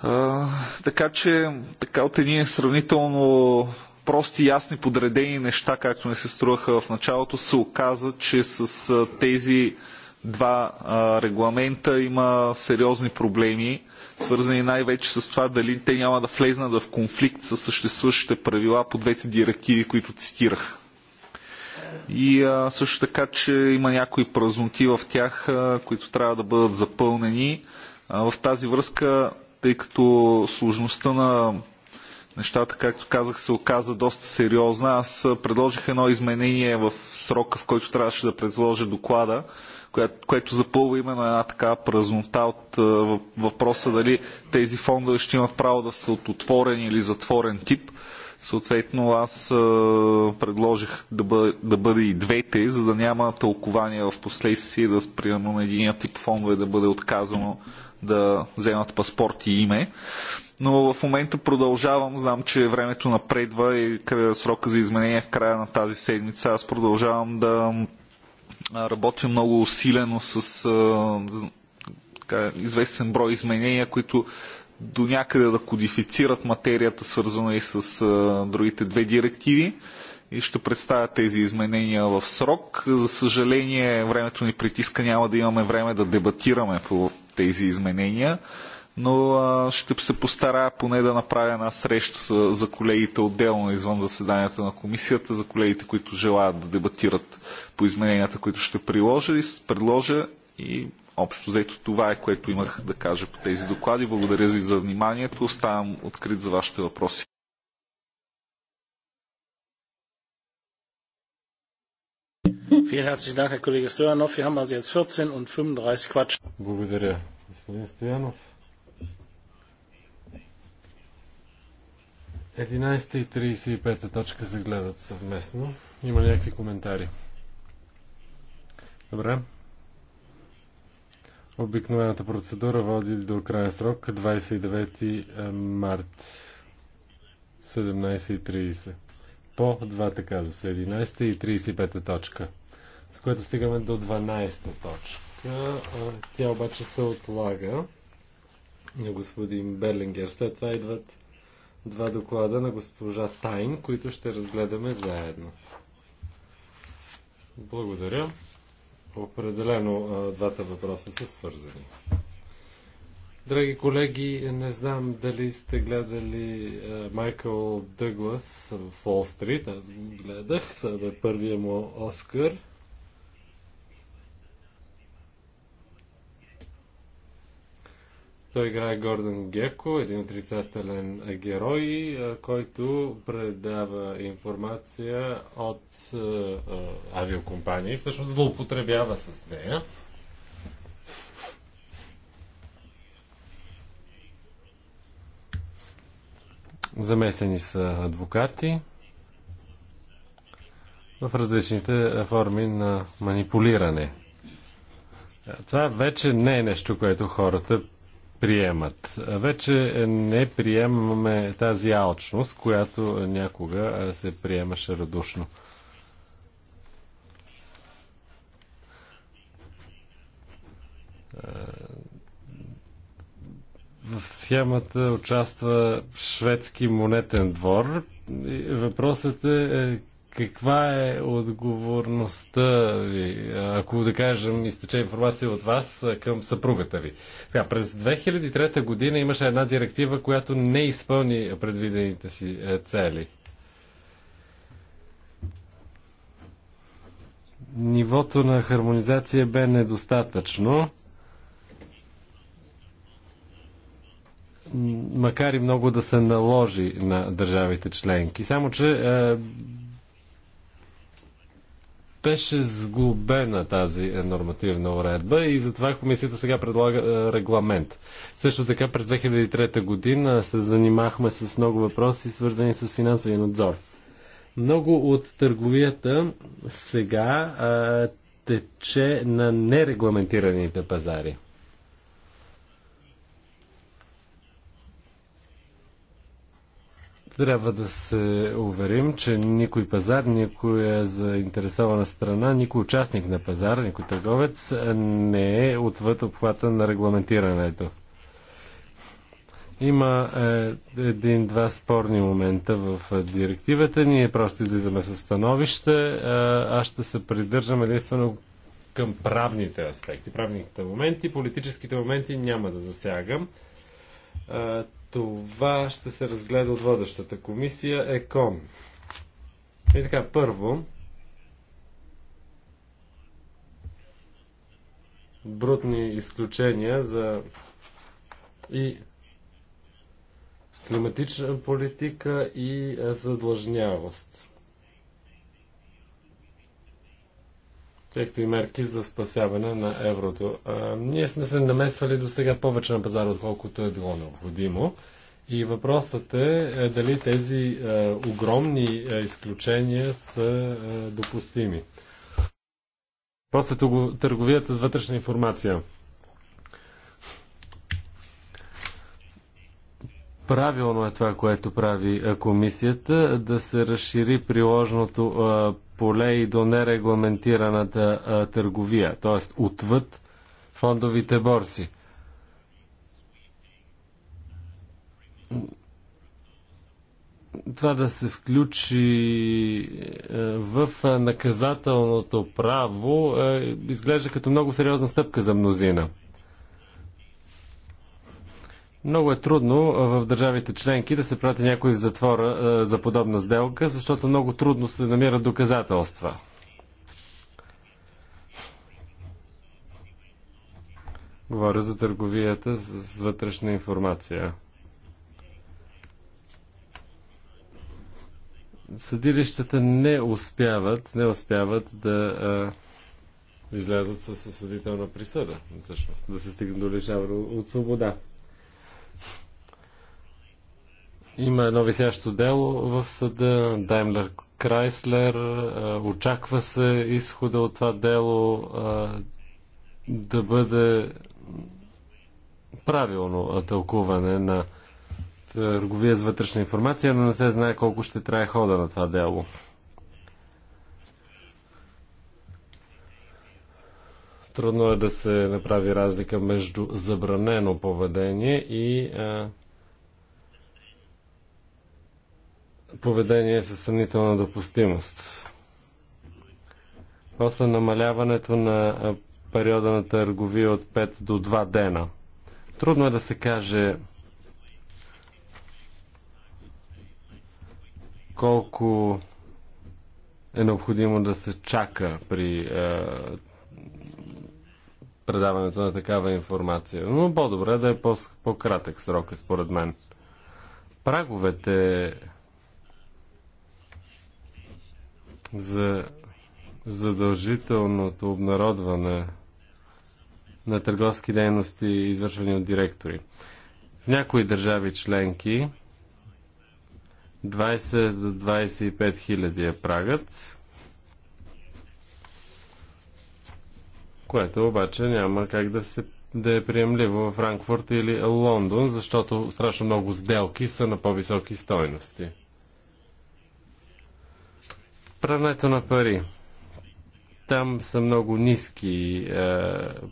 А, така че така от едни сравнително прости, ясни, подредени неща, както не се струваха в началото, се оказа, че с тези два а, регламента има сериозни проблеми, свързани най-вече с това дали те няма да влезнат в конфликт с съществуващите правила по двете директиви, които цитирах. И а, също така, че има някои празноти в тях, а, които трябва да бъдат запълнени. А, в тази връзка, тъй като сложността на нещата, както казах, се оказа доста сериозна, аз предложих едно изменение в срока, в който трябваше да предложа доклада, което запълва именно една такава празнота от въпроса дали тези фондове ще имат право да са от отворен или затворен тип. Съответно, аз предложих да бъде, да бъде и двете, за да няма тълкования в последствие да, спрямо на един тип фондове да бъде отказано да вземат паспорт и име. Но в момента продължавам. Знам, че времето напредва и срока за изменение е в края на тази седмица. Аз продължавам да работим много усилено с така, известен брой изменения, които до някъде да кодифицират материята, свързана и с а, другите две директиви. И ще представя тези изменения в срок. За съжаление, времето ни притиска, няма да имаме време да дебатираме по тези изменения но а, ще се постарая поне да направя една среща за колегите отделно извън заседанията на комисията, за колегите, които желаят да дебатират по измененията, които ще приложа и предложа и общо взето това е, което имах да кажа по тези доклади. Благодаря ви за вниманието. Оставам открит за вашите въпроси. Vielen herzlichen Dank, Herr Kollege Stojanov. Wir haben also jetzt 14 und 35 Quatsch. Благодаря, господин Стоянов. 11 и 35 точка се гледат съвместно. Има ли някакви коментари? Добре. Обикновената процедура води до крайен срок 29 е, март 17.30 по двата казуса 11 и 35 точка с което стигаме до 12 точка тя обаче се отлага на господин Берлингер след това идват два доклада на госпожа Тайн, които ще разгледаме заедно. Благодаря. Определено двата въпроса са свързани. Драги колеги, не знам дали сте гледали Майкъл Дъглас в Уолл Стрит. Аз го гледах. Това е първия му Оскар. Той играе Гордън Геко, един отрицателен герой, който предава информация от авиокомпании, всъщност злоупотребява с нея. Замесени са адвокати в различните форми на манипулиране. Това вече не е нещо, което хората приемат. Вече не приемаме тази алчност, която някога се приемаше радушно. В схемата участва шведски монетен двор. Въпросът е, е каква е отговорността ви, ако да кажем, изтече информация от вас към съпругата ви? Така, през 2003 година имаше една директива, която не изпълни предвидените си е, цели. Нивото на хармонизация бе недостатъчно. макар и много да се наложи на държавите членки. Само, че е, беше сглобена тази нормативна уредба и затова комисията сега предлага е, регламент. Също така през 2003 година се занимахме с много въпроси, свързани с финансовия надзор. Много от търговията сега а, е, тече на нерегламентираните пазари. Трябва да се уверим, че никой пазар, е заинтересована страна, никой участник на пазара, никой търговец не е отвъд обхвата на регламентирането. Има е, един-два спорни момента в е, директивата. Ние просто излизаме с становище. Е, аз ще се придържам единствено към правните аспекти, правните моменти. Политическите моменти няма да засягам. Е, това ще се разгледа от водещата комисия ЕКОН. И така, първо, брутни изключения за и климатична политика и задлъжнявост. както и мерки за спасяване на еврото. А, ние сме се намесвали до сега повече на пазара, отколкото е било необходимо. И въпросът е, е дали тези е, огромни е, изключения са е, допустими. Просто търговията с вътрешна информация. Правилно е това, което прави е, комисията, да се разшири приложното е, поле и до нерегламентираната а, търговия, т.е. отвъд фондовите борси. Това да се включи е, в наказателното право е, изглежда като много сериозна стъпка за мнозина. Много е трудно в държавите членки да се прати някой в затвора за подобна сделка, защото много трудно се намират доказателства. Говоря за търговията с вътрешна информация. Съдилищата не успяват, не успяват да а, излязат с осъдителна присъда, всъщност, да се стигне до лишаване от свобода. Има едно висящо дело в съда, Даймлер Крайслер, очаква се изхода от това дело да бъде правилно тълкуване на търговия с вътрешна информация, но не се знае колко ще трае хода на това дело. Трудно е да се направи разлика между забранено поведение и а, поведение със съмнителна допустимост. После намаляването на периода на търговия от 5 до 2 дена. Трудно е да се каже колко е необходимо да се чака при е, предаването на такава информация. Но по-добре да е по- по-кратък срок, е според мен. Праговете за задължителното обнародване на търговски дейности, извършвани от директори. В някои държави членки 20 до 25 хиляди е прагът, което обаче няма как да, се, да е приемливо във Франкфурт или Лондон, защото страшно много сделки са на по-високи стойности прането на пари. Там са много ниски е,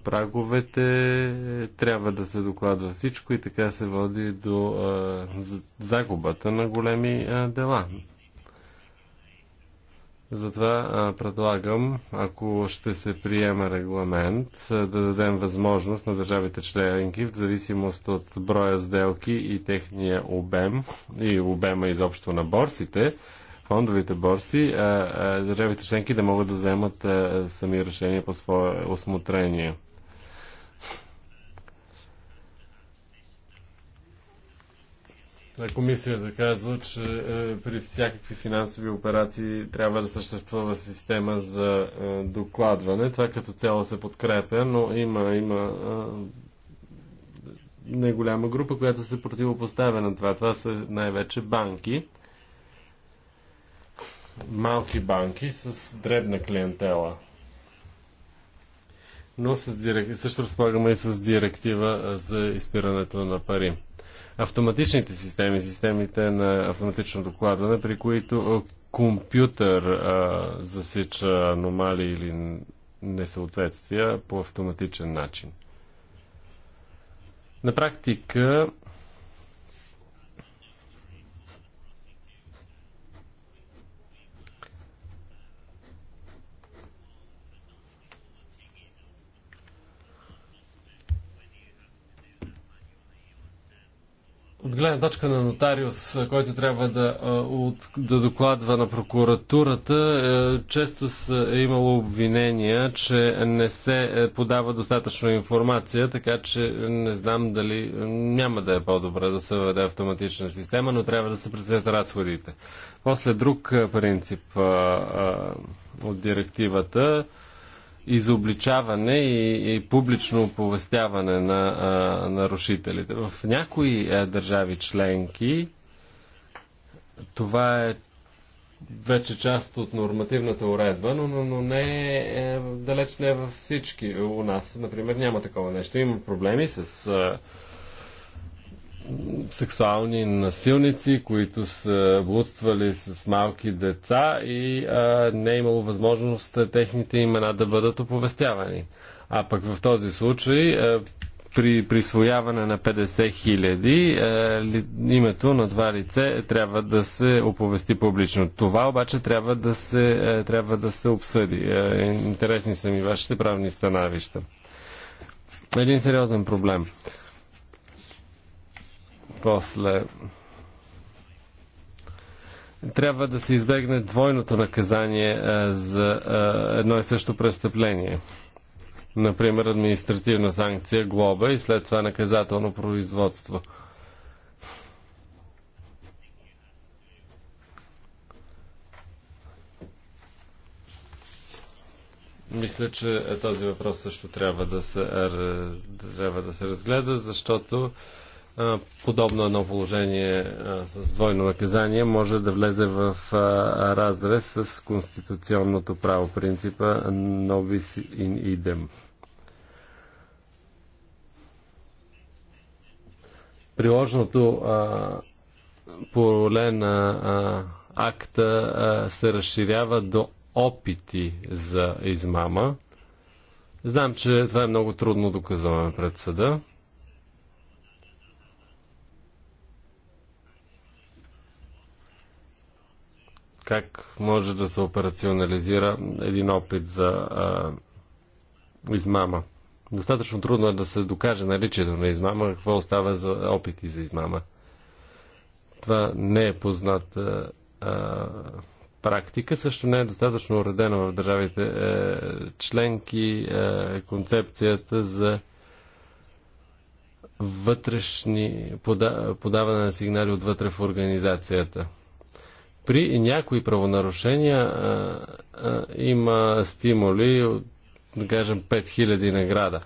праговете, трябва да се докладва всичко и така се води до е, загубата на големи е, дела. Затова а, е, предлагам, ако ще се приема регламент, е, да дадем възможност на държавите членки, в зависимост от броя сделки и техния обем и обема изобщо на борсите, фондовите борси, е, е, държавите членки да могат да вземат е, сами решения по свое осмотрение. Комисията казва, че при всякакви финансови операции трябва да съществува система за докладване. Това като цяло се подкрепя, но има, има неголяма група, която се противопоставя на това. Това са най-вече банки малки банки с дребна клиентела. Но с директив... също разполагаме и с директива за изпирането на пари. Автоматичните системи, системите на автоматично докладване, при които компютър а, засича аномалии или несъответствия по автоматичен начин. На практика от гледна точка на нотариус, който трябва да, от, да докладва на прокуратурата, е, често е имало обвинения, че не се е, подава достатъчно информация, така че не знам дали е, няма да е по-добре да се въде автоматична система, но трябва да се преценят разходите. После друг принцип от директивата изобличаване и, и публично оповестяване на а, нарушителите. В някои а, държави членки това е вече част от нормативната уредба, но, но, но не е, е далеч не е във всички у нас. Например, няма такова нещо. Има проблеми с а, сексуални насилници, които са блудствали с малки деца и а, не е имало възможност техните имена да бъдат оповестявани. А пък в този случай а, при присвояване на 50 хиляди името на това лице трябва да се оповести публично. Това обаче трябва да се, трябва да се обсъди. Интересни са ми вашите правни становища. Един сериозен проблем. После трябва да се избегне двойното наказание е, за е, едно и също престъпление. Например, административна санкция, глоба и след това наказателно производство. Мисля, че е, този въпрос също трябва да се, трябва да се разгледа, защото подобно едно положение с двойно наказание може да влезе в разрез с конституционното право, принципа Novis in idem. Приложното поле на акта се разширява до опити за измама. Знам, че това е много трудно доказваме пред съда. как може да се операционализира един опит за а, измама. Достатъчно трудно е да се докаже наличието на измама, какво остава за опити за измама. Това не е позната а, практика, също не е достатъчно уредена в държавите е, членки е, концепцията за вътрешни пода, подаване на сигнали отвътре в организацията – при някои правонарушения а, а, има стимули, да кажем 5000 награда,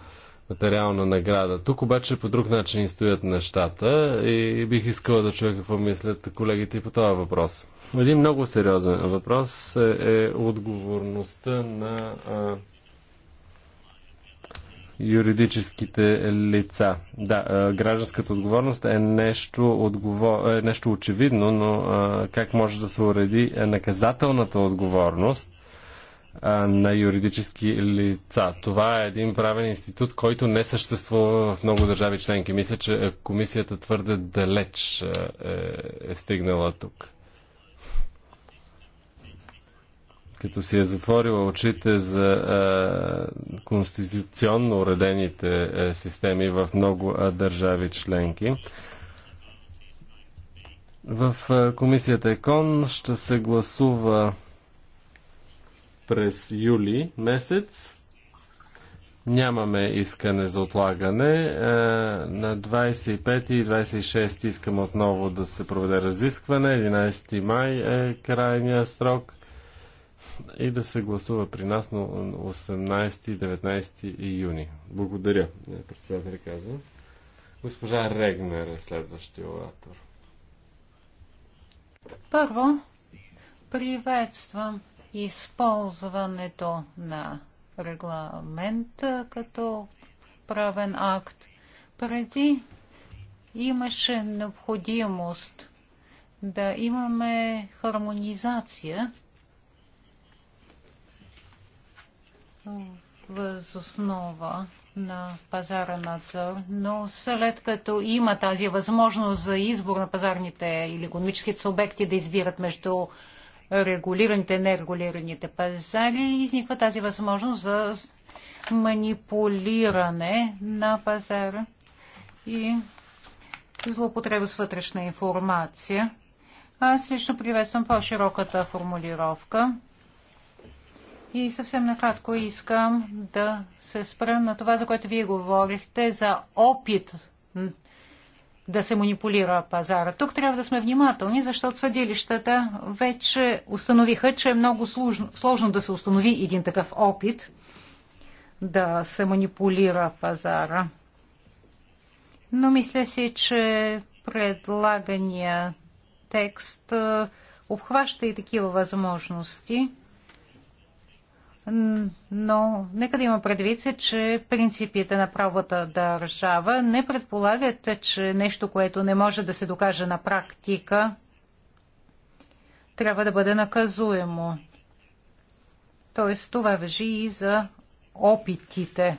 материална награда. Тук обаче по друг начин стоят нещата и бих искала да чуя какво мислят колегите и по този въпрос. Един много сериозен въпрос е, е отговорността на а, юридическите лица. Да, гражданската отговорност е нещо, отговор... е нещо очевидно, но как може да се уреди е наказателната отговорност на юридически лица? Това е един правен институт, който не съществува в много държави членки. Мисля, че комисията твърде далеч е, е стигнала тук. като си е затворила очите за а, конституционно уредените а, системи в много а, държави членки. В а, комисията ЕКОН ще се гласува през юли месец. Нямаме искане за отлагане. На 25 и 26 искам отново да се проведе разискване. 11 май е крайния срок и да се гласува при нас на 18 и 19 юни. Благодаря, е, председателя каза. Госпожа Регнер е следващия оратор. Първо, приветствам използването на регламента като правен акт. Преди имаше необходимост да имаме хармонизация въз основа на пазара надзор, но след като има тази възможност за избор на пазарните или економическите субекти да избират между регулираните и нерегулираните пазари, изниква тази възможност за манипулиране на пазара и злоупотреба с вътрешна информация. Аз лично приветствам по-широката формулировка и съвсем накратко искам да се спра на това, за което вие говорихте, за опит да се манипулира пазара. Тук трябва да сме внимателни, защото съдилищата вече установиха, че е много сложно, сложно да се установи един такъв опит да се манипулира пазара. Но мисля си, че предлагания текст обхваща и такива възможности но нека да има предвид, че принципите на правата държава не предполагат, че нещо, което не може да се докаже на практика, трябва да бъде наказуемо. Тоест, това въжи и за опитите.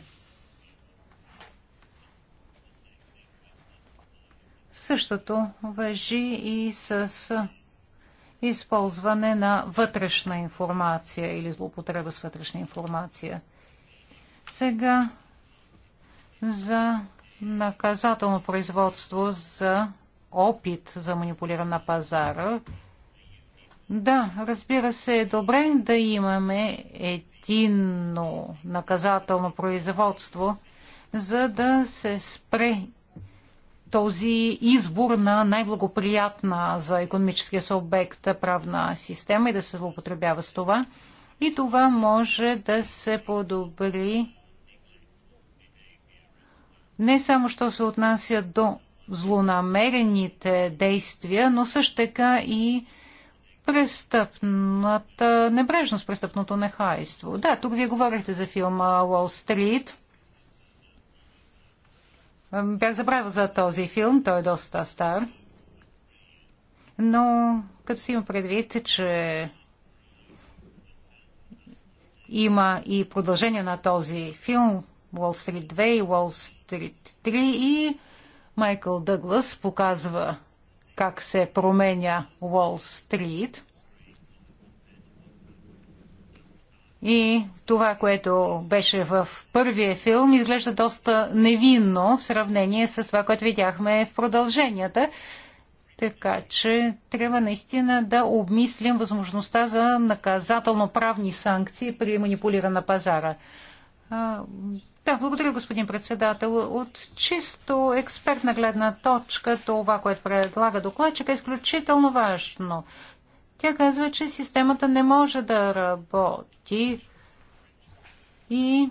Същото въжи и с използване на вътрешна информация или злоупотреба с вътрешна информация. Сега за наказателно производство за опит за манипулиране на пазара. Да, разбира се, е добре да имаме единно наказателно производство, за да се спре този избор на най-благоприятна за економическия субект правна система и да се злоупотребява с това. И това може да се подобри не само, що се отнася до злонамерените действия, но също така и престъпната небрежност, престъпното нехайство. Да, тук вие говорихте за филма Уолл Стрит. Бях забравил за този филм, той е доста стар. Но като си има предвид, че има и продължение на този филм, Wall Street 2 и Wall Street 3 и Майкъл Дъглас показва как се променя Уолл Стрит – И това, което беше в първия филм, изглежда доста невинно в сравнение с това, което видяхме в продълженията. Така че трябва наистина да обмислим възможността за наказателно-правни санкции при манипулира на пазара. Да, благодаря, господин председател. От чисто експертна гледна точка това, което предлага докладчика, е изключително важно. Тя казва, че системата не може да работи и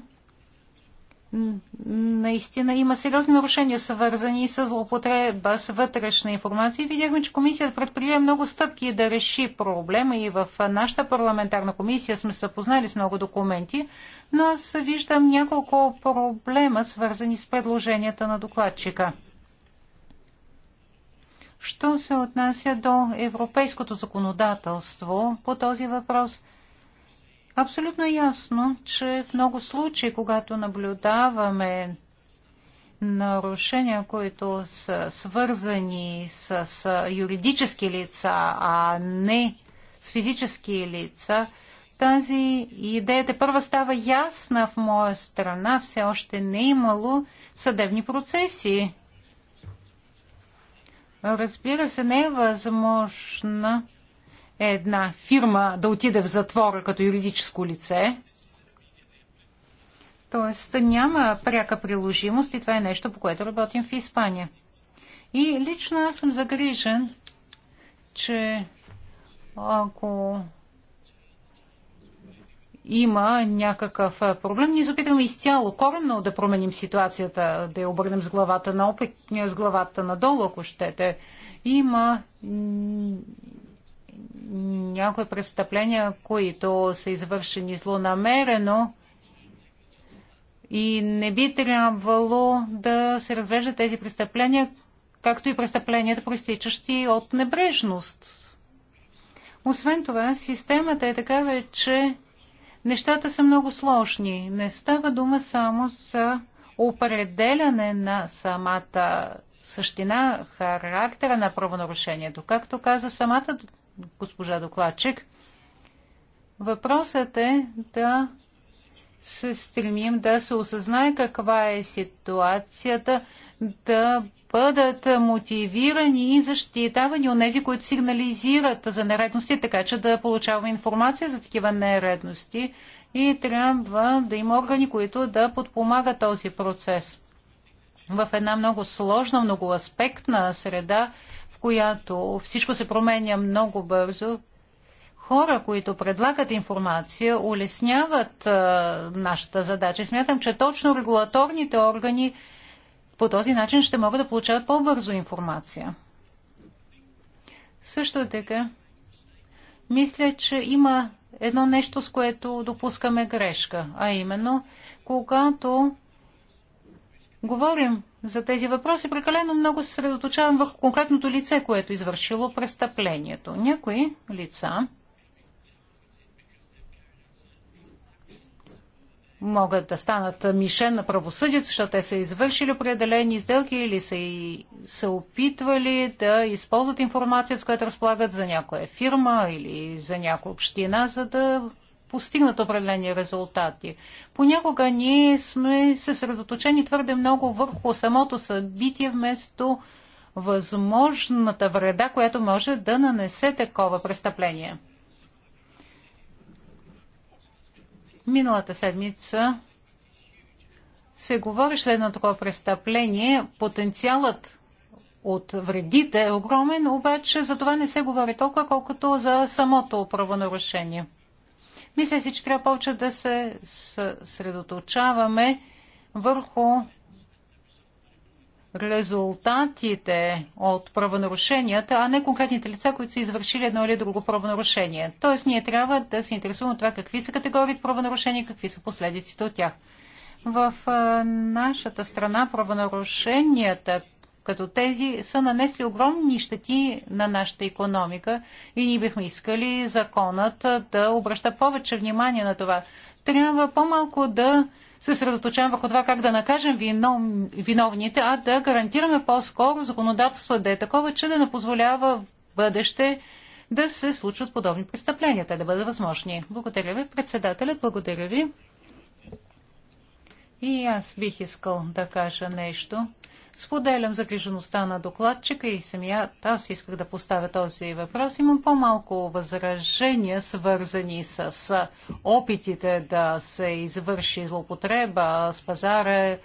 наистина има сериозни нарушения, свързани с злоупотреба с вътрешна информация. Видяхме, че комисията предприе много стъпки да реши проблема и в нашата парламентарна комисия сме се познали с много документи, но аз виждам няколко проблема, свързани с предложенията на докладчика. Що се отнася до европейското законодателство по този въпрос? Абсолютно ясно, че в много случаи, когато наблюдаваме нарушения, които са свързани с юридически лица, а не с физически лица, тази идея те първа става ясна в моя страна. Все още не е имало съдебни процеси Разбира се, не е възможно една фирма да отиде в затвора като юридическо лице. Тоест няма пряка приложимост и това е нещо, по което работим в Испания. И лично аз съм загрижен, че ако има някакъв проблем. Ние се опитваме изцяло коренно да променим ситуацията, да я обърнем с главата на опит, с главата надолу, ако щете. Има някои престъпления, които са извършени злонамерено и не би трябвало да се разглеждат тези престъпления, както и престъпленията, проистичащи от небрежност. Освен това, системата е такава, че Нещата са много сложни. Не става дума само за определяне на самата същина, характера на правонарушението. Както каза самата госпожа докладчик, въпросът е да се стремим да се осъзнае каква е ситуацията, да бъдат мотивирани и защитавани от тези, които сигнализират за нередности, така че да получаваме информация за такива нередности и трябва да има органи, които да подпомагат този процес. В една много сложна, многоаспектна среда, в която всичко се променя много бързо, хора, които предлагат информация, улесняват а, нашата задача. Смятам, че точно регулаторните органи по този начин ще могат да получават по-бързо информация. Също така, мисля, че има едно нещо, с което допускаме грешка, а именно, когато говорим за тези въпроси, прекалено много се средоточавам върху конкретното лице, което е извършило престъплението. Някои лица могат да станат мишен на правосъдието, защото те са извършили определени сделки или са, и, са опитвали да използват информация, с която разполагат за някоя фирма или за някоя община, за да постигнат определени резултати. Понякога ние сме съсредоточени твърде много върху самото събитие, вместо възможната вреда, която може да нанесе такова престъпление. Миналата седмица се говореше едно такова престъпление. Потенциалът от вредите е огромен, обаче за това не се говори толкова, колкото за самото правонарушение. Мисля си, че трябва повече да се съсредоточаваме върху резултатите от правонарушенията, а не конкретните лица, които са извършили едно или друго правонарушение. Тоест, ние трябва да се интересуваме от това какви са категориите правонарушения и какви са последиците от тях. В нашата страна правонарушенията като тези са нанесли огромни щети на нашата економика и ние бихме искали законът да обръща повече внимание на това. Трябва по-малко да съсредоточен върху това как да накажем виновните, а да гарантираме по-скоро законодателство да е такова, че да не позволява в бъдеще да се случват подобни престъпления, те да бъдат възможни. Благодаря ви, председателят, благодаря ви. И аз бих искал да кажа нещо. Споделям загрижеността на докладчика и самия аз исках да поставя този въпрос. Имам по-малко възражения, свързани с опитите да се извърши злоупотреба с пазара,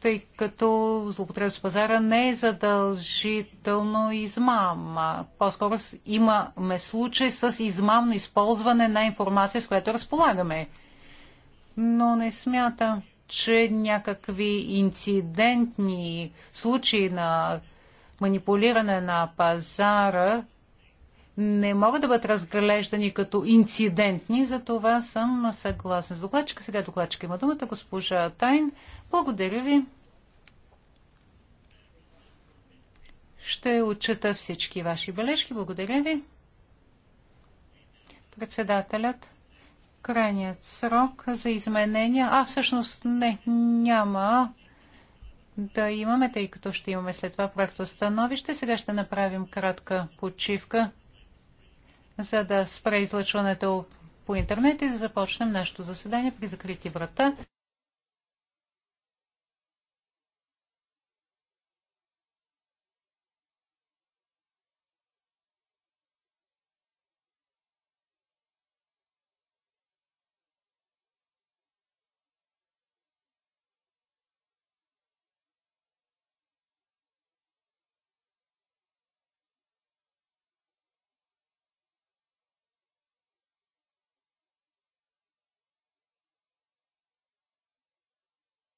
тъй като злоупотреба с пазара не е задължително измама. По-скоро имаме случай с измамно използване на информация, с която разполагаме. Но не смятам, че някакви инцидентни случаи на манипулиране на пазара не могат да бъдат разглеждани като инцидентни, за това съм съгласен с докладчика. Сега докладчика има думата, госпожа Тайн. Благодаря ви. Ще отчета всички ваши бележки. Благодаря ви. Председателят крайният срок за изменения. А, всъщност не, няма да имаме, тъй като ще имаме след това проекта становище. Сега ще направим кратка почивка, за да спре излъчването по интернет и да започнем нашето заседание при закрити врата.